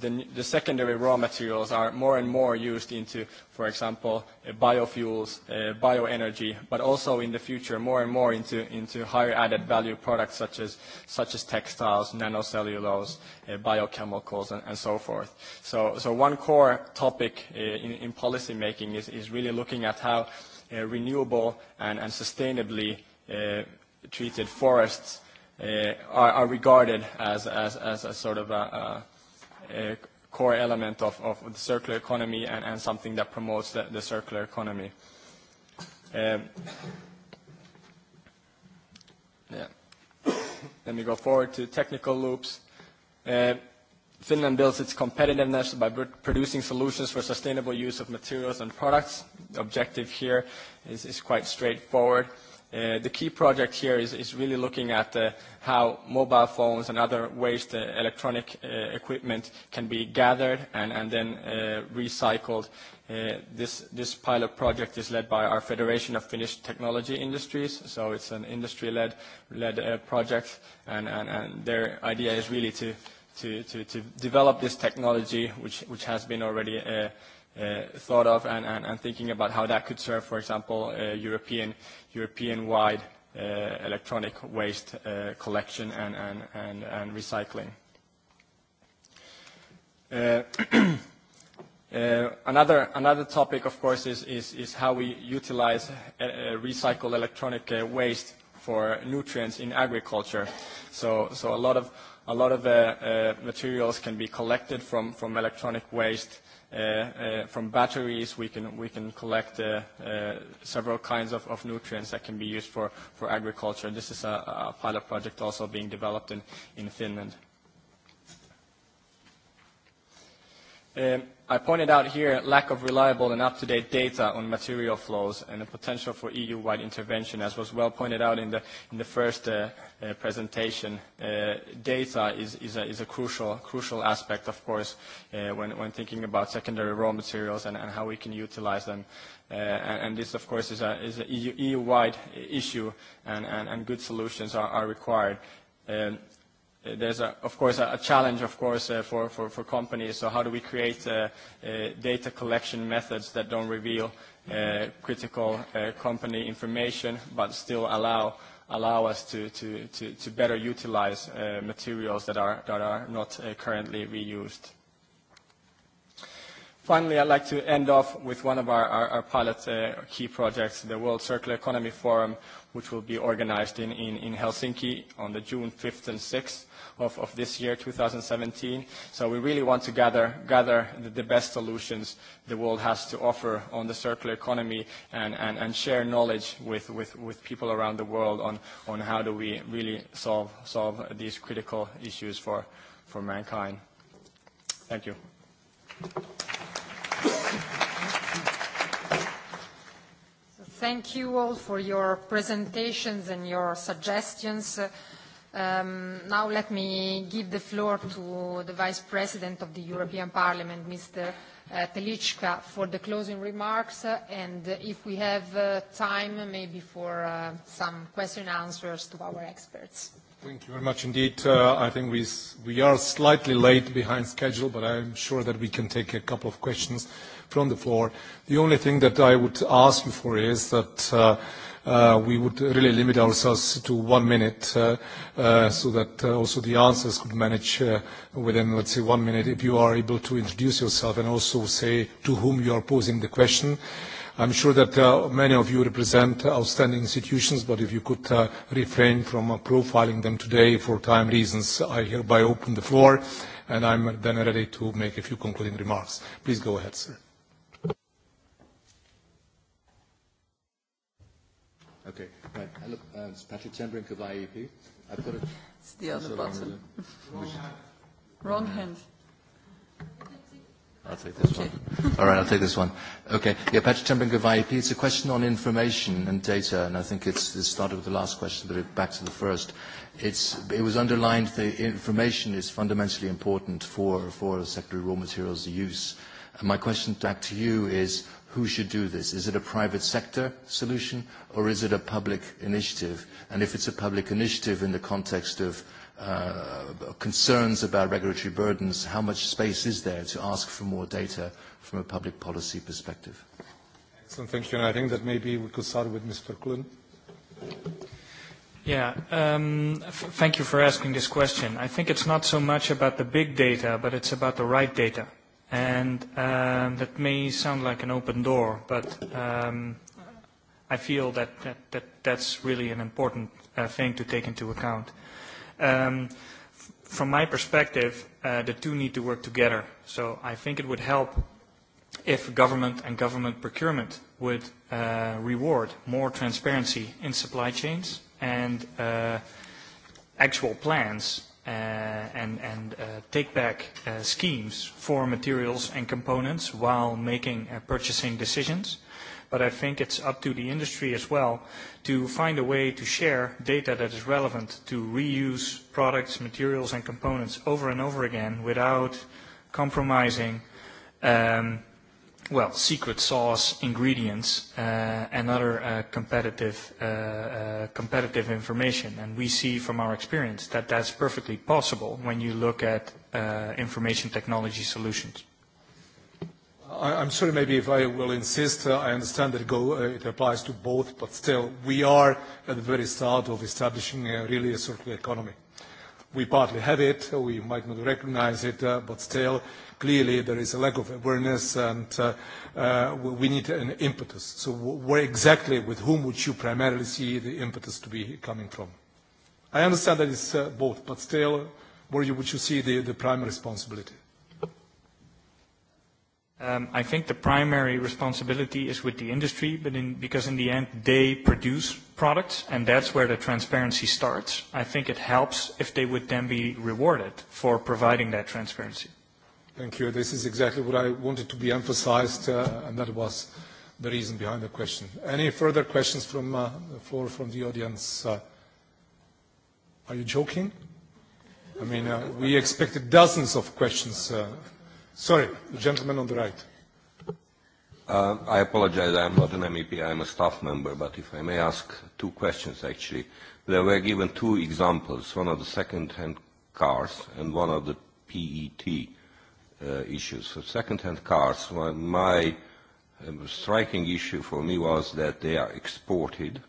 the, the secondary raw materials are more and more used into, for example, uh, biofuels, uh, bioenergy, but also in the future more and more into, into higher added value products such as, such as textiles, nanocellulose, uh, biochemicals, and, and so forth. So, so one core topic uh, in, in policy making is, is really looking at how, uh, renewable and, and sustainably uh, treated forests uh, are, are regarded as, as, as a sort of a, a, a core element of, of the circular economy and, and something that promotes the, the circular economy. Um, yeah. [COUGHS] Let me go forward to technical loops. Uh, Finland builds its competitiveness by producing solutions for sustainable use of materials and products. The objective here is, is quite straightforward. Uh, the key project here is, is really looking at uh, how mobile phones and other waste uh, electronic uh, equipment can be gathered and, and then uh, recycled. Uh, this, this pilot project is led by our Federation of Finnish Technology Industries, so it's an industry-led led, uh, project, and, and, and their idea is really to, to, to, to develop this technology, which, which has been already uh, uh, thought of and, and, and thinking about how that could serve, for example, uh, European, European-wide uh, electronic waste uh, collection and, and, and, and recycling. Uh, [CLEARS THROAT] uh, another, another topic, of course, is, is, is how we utilize uh, uh, recycled electronic uh, waste for nutrients in agriculture. So, so a lot of, a lot of the uh, uh, materials can be collected from, from electronic waste. Uh, uh, from batteries, we can, we can collect uh, uh, several kinds of, of nutrients that can be used for, for agriculture. This is a, a pilot project also being developed in, in Finland. Um, I pointed out here lack of reliable and up-to-date data on material flows and the potential for EU-wide intervention, as was well pointed out in the, in the first uh, uh, presentation. Uh, data is, is, a, is a crucial, crucial aspect, of course, uh, when, when thinking about secondary raw materials and, and how we can utilize them. Uh, and, and this, of course, is an is a EU-wide e EU issue, and, and, and good solutions are, are required. Um, Uh, there's a, of course a challenge of course uh, for, for, for companies so how do we create uh, uh, data collection methods that don't reveal uh, critical uh, company information but still allow allow us to, to, to, to better utilize uh, materials that are, that are not uh, currently reused. Finally, I'd like to end off with one of our, our, our pilot uh, key projects, the World Circular Economy Forum, which will be organized in, in, in Helsinki on the June 5th and 6th of, of this year, 2017. So we really want to gather, gather the, the best solutions the world has to offer on the circular economy and, and, and share knowledge with, with, with people around the world on, on how do we really solve, solve these critical issues for, for mankind. Thank you. Thank you all for your presentations and your suggestions. Uh, Um, now let me give the floor to the Vice President of the European Parliament, Mr. Uh, Telichka, for the closing remarks, uh, and uh, if we have uh, time, maybe for uh, some question and answers to our experts. Thank you very much indeed. Uh, I think we, we are slightly late behind schedule, but I'm sure that we can take a couple of questions from the floor. The only thing that I would ask you for is that uh, uh, we would really limit ourselves to one minute uh, uh, so that uh, also the answers could manage uh, within, let's say, one minute if you are able to introduce yourself and also say to whom you are posing the question. I'm sure that uh, many of you represent outstanding institutions, but if you could uh, refrain from uh, profiling them today for time reasons, I hereby open the floor, and I'm then ready to make a few concluding remarks. Please go ahead, sir. Hi. Uh, look, uh, it's Patrick Chambering of IEP. I've got a... It's the other button. Wrong hand. Wrong hand. I'll take this okay. one. All right, I'll take this one. Okay. Yeah, Patrick Chambering of IEP. It's a question on information and data, and I think it's, it started with the last question, but it, back to the first. It's, it was underlined that information is fundamentally important for, for secondary raw materials use. And my question back to you is, who should do this? Is it a private sector solution or is it a public initiative? And if it's a public initiative in the context of uh, concerns about regulatory burdens, how much space is there to ask for more data from a public policy perspective? Excellent, thank you. And I think that maybe we could start with Mr. Kuhn. Yeah, um, f thank you for asking this question. I think it's not so much about the big data, but it's about the right data. And um, that may sound like an open door, but um, I feel that, that, that that's really an important uh, thing to take into account. Um, f from my perspective, uh, the two need to work together. So I think it would help if government and government procurement would uh, reward more transparency in supply chains and uh, actual plans Uh, and, and uh, take-back uh, schemes for materials and components while making uh, purchasing decisions. But I think it's up to the industry as well to find a way to share data that is relevant to reuse products, materials, and components over and over again without compromising um, well, secret sauce ingredients uh, and other uh, competitive, uh, uh, competitive information. And we see from our experience that that's perfectly possible when you look at uh, information technology solutions. I, I'm sorry, maybe if I will insist, uh, I understand that go, uh, it applies to both, but still, we are at the very start of establishing a uh, really a circular economy we partly have it, we might not recognize it, uh, but still, clearly there is a lack of awareness and uh, uh, we need an impetus. So where exactly, with whom would you primarily see the impetus to be coming from? I understand that it's uh, both, but still, where would you see the, the prime responsibility? Um, I think the primary responsibility is with the industry, but in, because in the end they produce products, and that's where the transparency starts. I think it helps if they would then be rewarded for providing that transparency. Thank you. This is exactly what I wanted to be emphasized, uh, and that was the reason behind the question. Any further questions from uh, the floor, from the audience? Uh, are you joking? I mean, uh, we expected dozens of questions. Uh, Sorry, the gentleman on the right. Uh, I apologize, I'm not an MEP, I'm a staff member, but if I may ask two questions actually. There were given two examples, one of the second-hand cars and one of the PET uh, issues. So second-hand cars, my, my um, striking issue for me was that they are exported,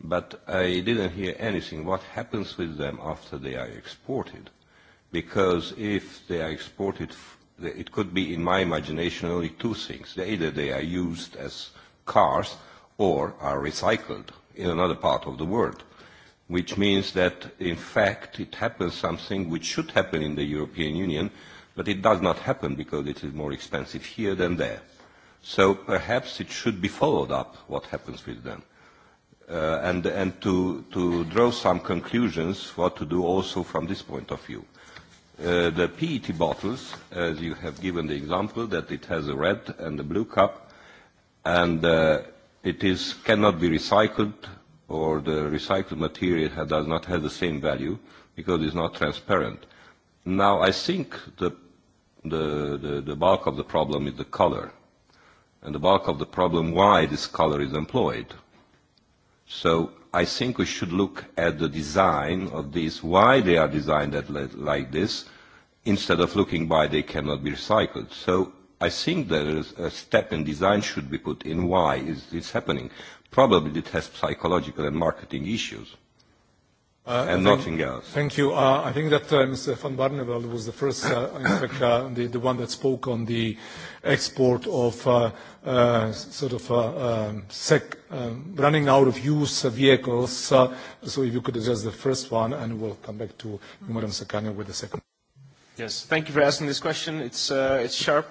but I didn't hear anything. What happens with them after they are exported? because if they are exported, it could be, in my imagination, only two things. Either they are used as cars or are recycled in another part of the world, which means that, in fact, it happens something which should happen in the European Union, but it does not happen because it is more expensive here than there. So perhaps it should be followed up what happens with them. Uh, and and to, to draw some conclusions what to do also from this point of view. Uh, the PET bottles, as you have given the example, that it has a red and a blue cup, and uh, it cannot be recycled, or the recycled material does not have the same value because it's not transparent. Now, I think the bulk of the problem is the color, and the bulk of the problem why this color is employed. So I think we should look at the design of these, why they are designed at le- like this, instead of looking why they cannot be recycled. So I think there is a step in design should be put in why is this happening. Probably it has psychological and marketing issues. Uh, and nothing thank, else. Thank you. Uh, I think that uh, Mr. Van Barneveld was the first, uh, in fact, uh, the, the one that spoke on the export of uh, Uh, sort of uh, uh, sec uh, running out of use uh, vehicles. Uh, so if you could address the first one, and we'll come back to Madam Sakanya with the second. Yes, thank you for asking this question. It's, uh, it's sharp.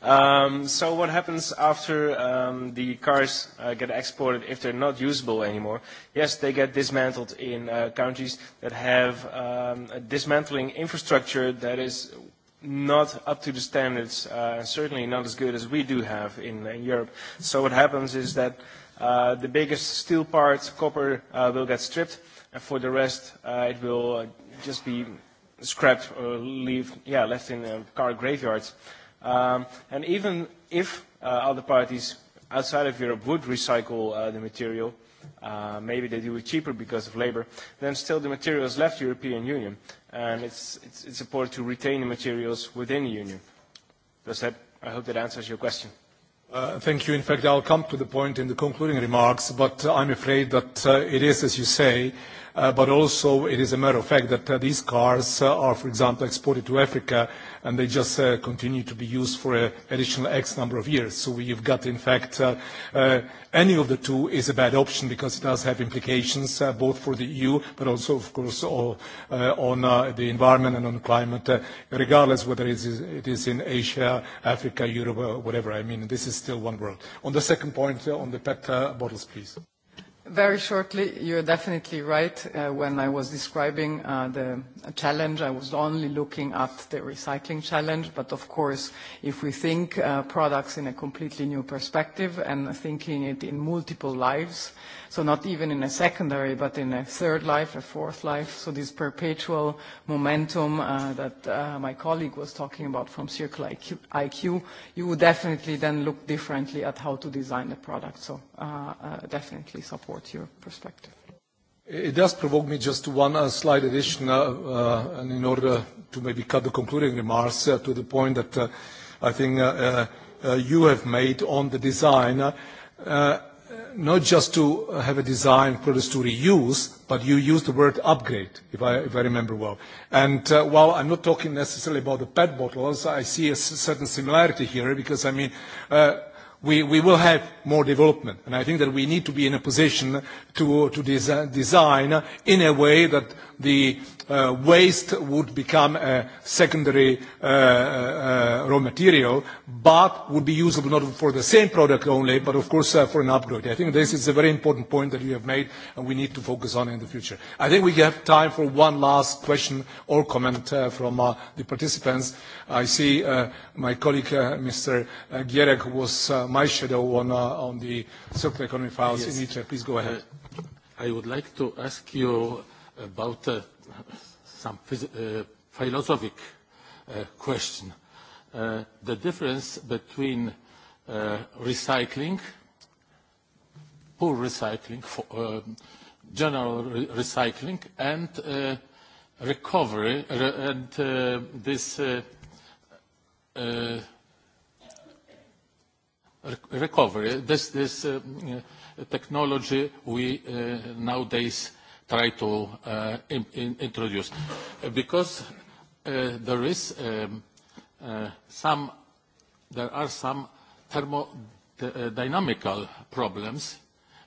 Um, so what happens after um, the cars uh, get exported if they're not usable anymore? Yes, they get dismantled in uh, countries that have um, a dismantling infrastructure that is not up to the standards, uh, certainly not as good as we do have in, in Europe. So what happens is that uh, the biggest steel part, copper, uh, will get stripped, and for the rest, uh, it will uh, just be scrapped or leave, yeah, left in uh, car graveyards. Um, and even if uh, other parties outside of Europe would recycle uh, the material, uh, uh, maybe they do it cheaper because of labor, then still the materials left the European Union, and it's, it's, it's important to retain the materials within the Union. Does that, I hope that answers your question. Uh, thank you. In fact, I'll come to the point in the concluding remarks, but uh, I'm afraid that uh, it is, as you say, Uh, but also it is a matter of fact that uh, these cars uh, are, for example, exported to Africa, and they just continue to be used for an additional X number of years. So we've got, in fact, any of the two is a bad option because it does have implications both for the EU, but also, of course, on the environment and on the climate, regardless whether it is in Asia, Africa, Europe, or whatever. I mean, this is still one world. On the second point, on the PET bottles, please. Very shortly, you're definitely right. Uh, when I was describing uh, the challenge, I was only looking at the recycling challenge. But of course, if we think uh, products in a completely new perspective and thinking it in multiple lives, So not even in a secondary, but in a third life, a fourth life. So this perpetual momentum uh, that uh, my colleague was talking about from circular IQ, IQ, you would definitely then look differently at how to design the product. So uh, uh, definitely support your perspective. It does provoke me just to one uh, slight addition, uh, uh, and in order to maybe cut the concluding remarks uh, to the point that uh, I think uh, uh, uh you have made on the design. Uh, uh, not just to have a design products to reuse, but you use the word upgrade, if I, if I remember well. And uh, while I'm not talking necessarily about the PET bottles, I see a certain similarity here because, I mean, uh, we, we will have more development. And I think that we need to be in a position to, to des- design in a way that the uh, waste would become a secondary uh, uh, raw material, but would be usable not for the same product only, but of course uh, for an upgrade. I think this is a very important point that you have made and we need to focus on in the future. I think we have time for one last question or comment uh, from uh, the participants. I see uh, my colleague, uh, Mr. Gierek, was uh, my shadow on, uh, on the circular economy files yes. in Egypt. Please go ahead. Uh, I would like to ask you about uh, some phys- uh, philosophic uh, question. Uh, the difference between uh, recycling, poor recycling, for, uh, general re- recycling, and uh, recovery, re- and uh, this uh, uh, recovery. This uh, technology we uh, nowadays try to uh, introduce. Because um, there are some thermodynamical problems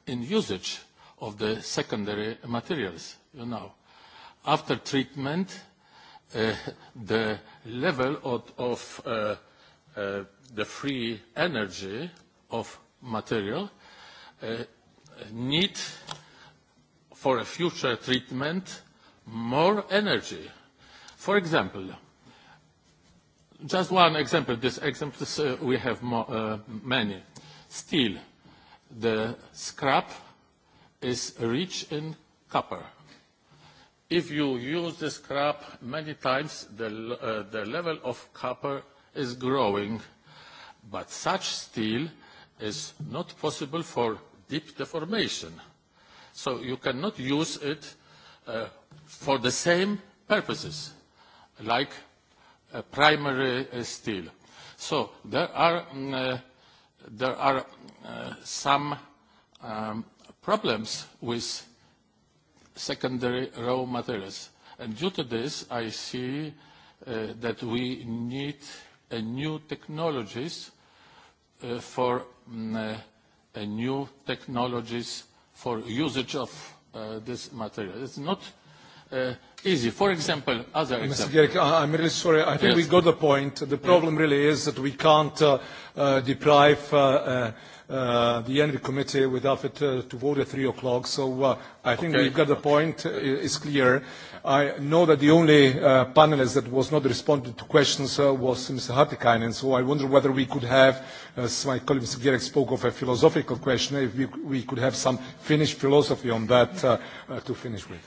in usage of the secondary materials, you know. After treatment, the level of uh, the free energy of material uh, need for a future treatment more energy. For example, just one example, this example, uh, we have more, uh, many. Steel, the scrap is rich in copper. If you use the scrap many times, the, uh, the level of copper is growing, but such steel is not possible for deep deformation. So you cannot use it uh, for the same purposes like a primary uh, steel. So there are, mm, uh, there are uh, some um, problems with secondary raw materials. And due to this, I see uh, that we need uh, new technologies uh, for mm, uh, new technologies for usage of uh, this material. It's not easy. For example, other example. Mr. Gierek, I'm really sorry. Yes. I think we got the point. The problem really is that we can't deprive Uh, the Energy Committee with Alfred to vote at 3 o'clock. So, uh, I think- Okay. We've got the point. Uh, It's clear. I know that the only panelist that was not responding to questions was Mr. Haatainen, so I wonder whether we could have, as my colleague, Mr. Gierek, spoke of a philosophical question, if we could have some Finnish philosophy on that to finish with.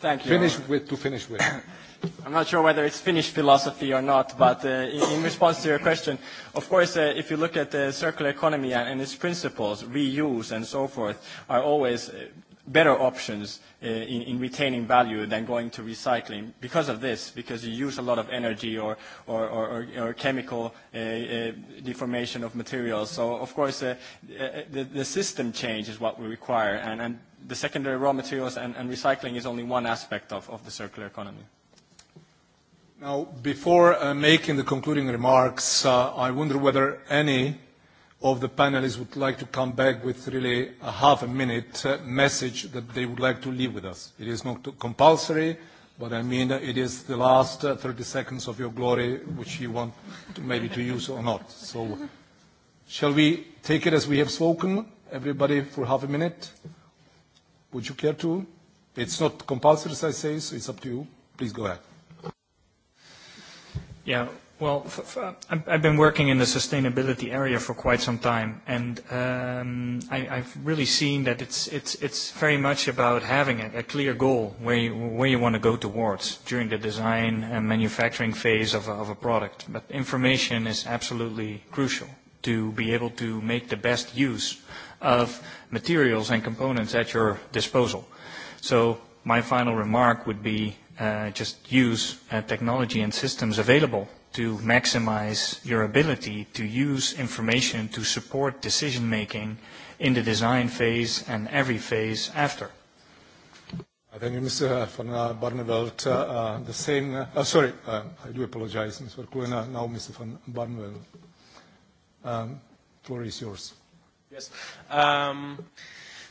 Thank you. Finish with, to finish with. [COUGHS] I'm not sure whether it's Finnish philosophy or not, but uh, in, in response to your question, of course, uh, if you look at the uh, circular economy and, and its principles, reuse and so forth, are always uh, better options uh, in, in retaining value than going to recycling because of this, because you use a lot of energy or, or, or, or, or chemical uh, uh, deformation of materials. So, of course, uh, uh, the, the system change is what we require, and, and the secondary raw materials and, and recycling is only one aspect of, of the circular economy. Now, before uh, making the concluding remarks, uh, I wonder whether any of the panelists would like to come back with really a half a minute uh, message that they would like to leave with us. It is not compulsory, but I mean it is the last 30 uh, seconds of your glory which you want to maybe to use or not. So shall we take it as we have spoken, everybody for half a minute? Would you care to? It's not compulsory, as I say, so it's up to you. Please go ahead. Yeah. Well, f- f- I've been working in the sustainability area for quite some time, and um, I, I've really seen that it's, it's, it's very much about having a, a clear goal where you, where you want to go towards during the design and manufacturing phase of a, of a product. But information is absolutely crucial to be able to make the best use of materials and components at your disposal. So my final remark would be uh, just use uh, technology and systems available to maximize your ability to use information to support decision making in the design phase and every phase after. Thank you, Mr. Van Barneveld. Uh, uh, the same, uh, oh, sorry, uh, I do apologize, Mr. Kulena. Now, Mr. Van Barneveld, um, floor is yours. Yes. Um,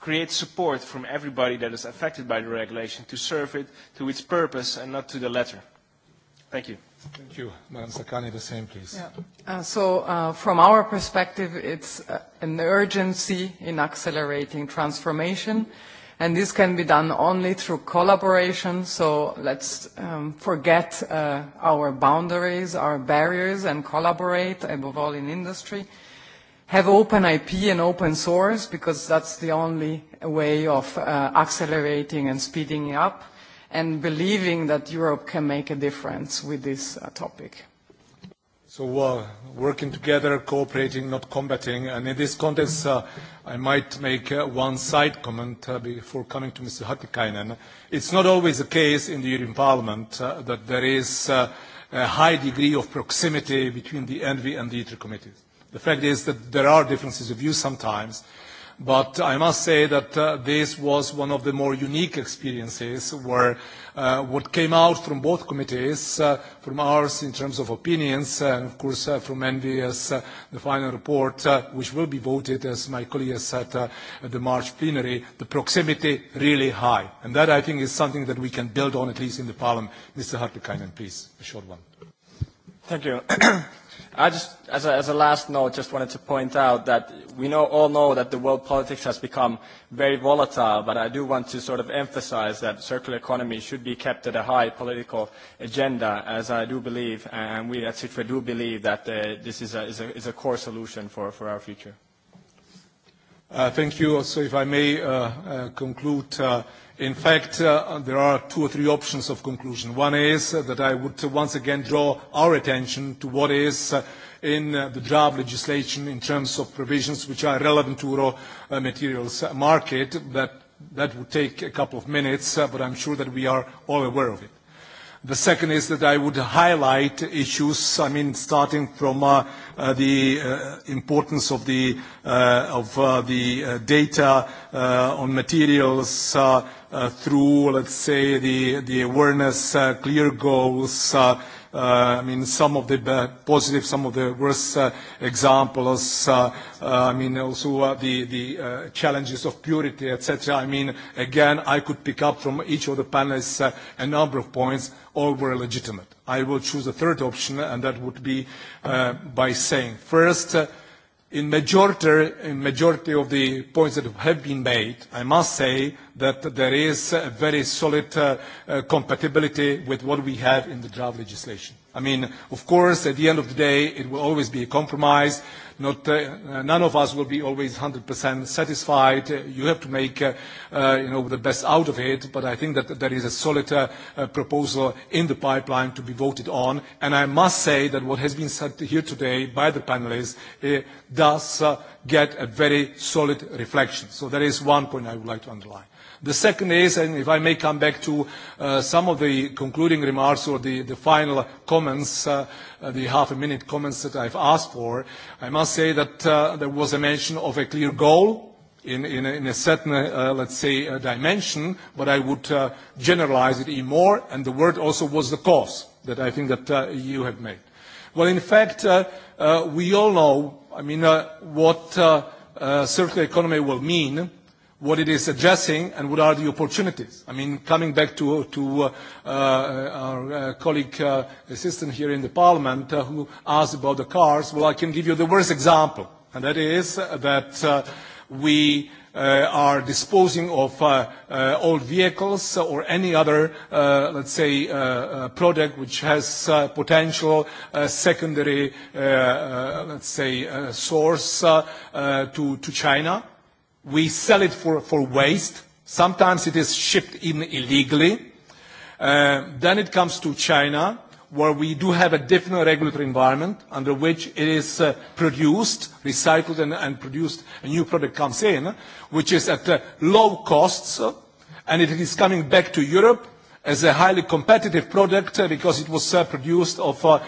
create support from everybody that is affected by the regulation to serve it to its purpose and not to the letter. Thank you. Thank you. Madam Sakani, the same, please. Yeah. Uh, so uh, from our perspective, it's uh, an urgency in accelerating transformation. And this can be done only through collaboration. So let's um, forget uh, our boundaries, our barriers, and collaborate, above all in industry. Uh, have open IP and open source because that's the only way of uh, accelerating and speeding up and believing that Europe can make a difference with this uh, topic. So uh, working together, cooperating, not combating. And in this context, uh, I might make uh, one side comment uh, before coming to Mr. Hattikainen. It's not always the case in the European Parliament uh, that there is uh, a high degree of proximity between the Envy and the ITRE committees. The fact is that there are differences of view sometimes, but I must say that uh, this was one of the more unique experiences where uh, what came out from both committees, uh, from ours in terms of opinions, uh, and of course uh, from Envy as uh, the final report, uh, which will be voted, as my colleague has said, uh, at the March plenary, the proximity really high. And that, I think, is something that we can build on, at least in the Parliament. Mr. Hartikainen, please, a short one. Thank you. [CLEARS THROAT] I just, as a, as a last note, just wanted to point out that we know, all know that the world politics has become very volatile, but I do want to sort of emphasize that circular economy should be kept at a high political agenda, as I do believe, and we at CITFA do believe that uh, this is a, is, a, is a core solution for, for our future. Uh, thank you. So if I may uh, uh, conclude, in fact, there are two or three options of conclusion. One is that I would once again draw our attention to what is in the draft legislation in terms of provisions which are relevant to raw materials market. That would take a couple of minutes, but I'm sure that we are all aware of it. The second is that I would highlight issues, I mean, starting from uh, uh, the uh, importance of the, uh, of, uh, the uh, data uh, on materials uh, uh, through, let's say, the, the awareness, uh, clear goals, uh, Uh, I mean, some of the positive, some of the worst uh, examples, uh, I mean, also the challenges of purity, et cetera. I mean, again, I could pick up from each of the panelists a number of points, all were legitimate. I will choose a third option, and that would be by saying, first, In majority, in majority of the points that have been made, I must say that there is a very solid uh, uh, compatibility with what we have in the draft legislation. I mean, of course, at the end of the day, it will always be a compromise. Not, uh, uh none of us will be always 100% satisfied. Uh, you have to make uh, uh, you know, the best out of it, but I think that there is a solid uh, uh, proposal in the pipeline to be voted on. And I must say that what has been said here today by the panelists uh, does uh, get a very solid reflection. So that is one point I would like to underline. The second is, and if I may come back to uh, some of the concluding remarks or the, the final comments, uh, uh, the half a minute comments that I've asked for, I must say that uh, there was a mention of a clear goal in, in, a, in a certain, uh, let's say, uh, dimension, but I would uh, generalize it even more, and the word also was the cause that I think that uh, you have made. Well, in fact, uh, uh, we all know, I mean, uh, what uh, uh, circular economy will mean, what it is addressing and what are the opportunities. I mean, coming back to, to uh, uh, our uh, colleague uh, assistant here in the parliament uh, who asked about the cars, well, I can give you the worst example, and that is uh, that uh, we uh, are disposing of uh, uh, old vehicles or any other, uh, let's say, uh, uh, product which has uh, potential uh, secondary, uh, uh, let's say, uh, source uh, uh, to, to China we sell it for, for waste. Sometimes it is shipped in illegally. Uh, then it comes to China, where we do have a different regulatory environment under which it is uh, produced, recycled and, and produced, a new product comes in, which is at uh, low costs, uh, and it is coming back to Europe as a highly competitive product uh, because it was uh, produced of, uh,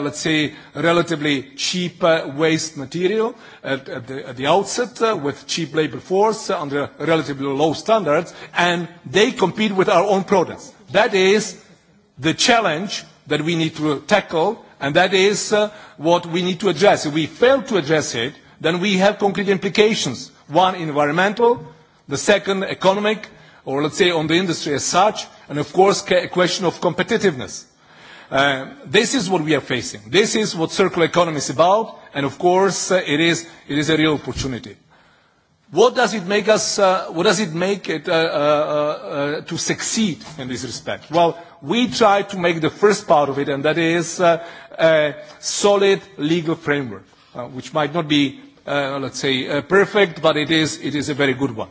let's say, relatively cheap waste material at the outset with cheap labor force under relatively low standards, and they compete with our own products. That is the challenge that we need to tackle, and that is what we need to address. If we fail to address it, then we have concrete implications. One, environmental, the second, economic, or let's say on the industry as such, and of course a question of competitiveness. Uh, this is what we are facing. This is what circular economy is about, and of course uh, it, is, it is a real opportunity. What does it make us, uh, what does it make it uh, uh, uh, uh, to succeed in this respect? Well, we try to make the first part of it, and that is uh, a solid legal framework, uh, which might not be, uh, let's say, uh, perfect, but it is, it is a very good one.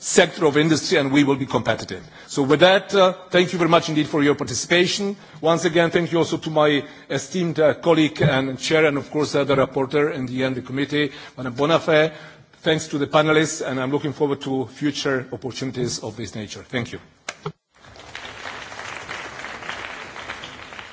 sector of industry and we will be competitive. So with that, uh, thank you very much indeed for your participation. Once again, thank you also to my esteemed uh, colleague and chair and of course uh, the reporter in the end the committee, Madame Bonafé. Thanks to the panelists and I'm looking forward to future opportunities of this nature. Thank you.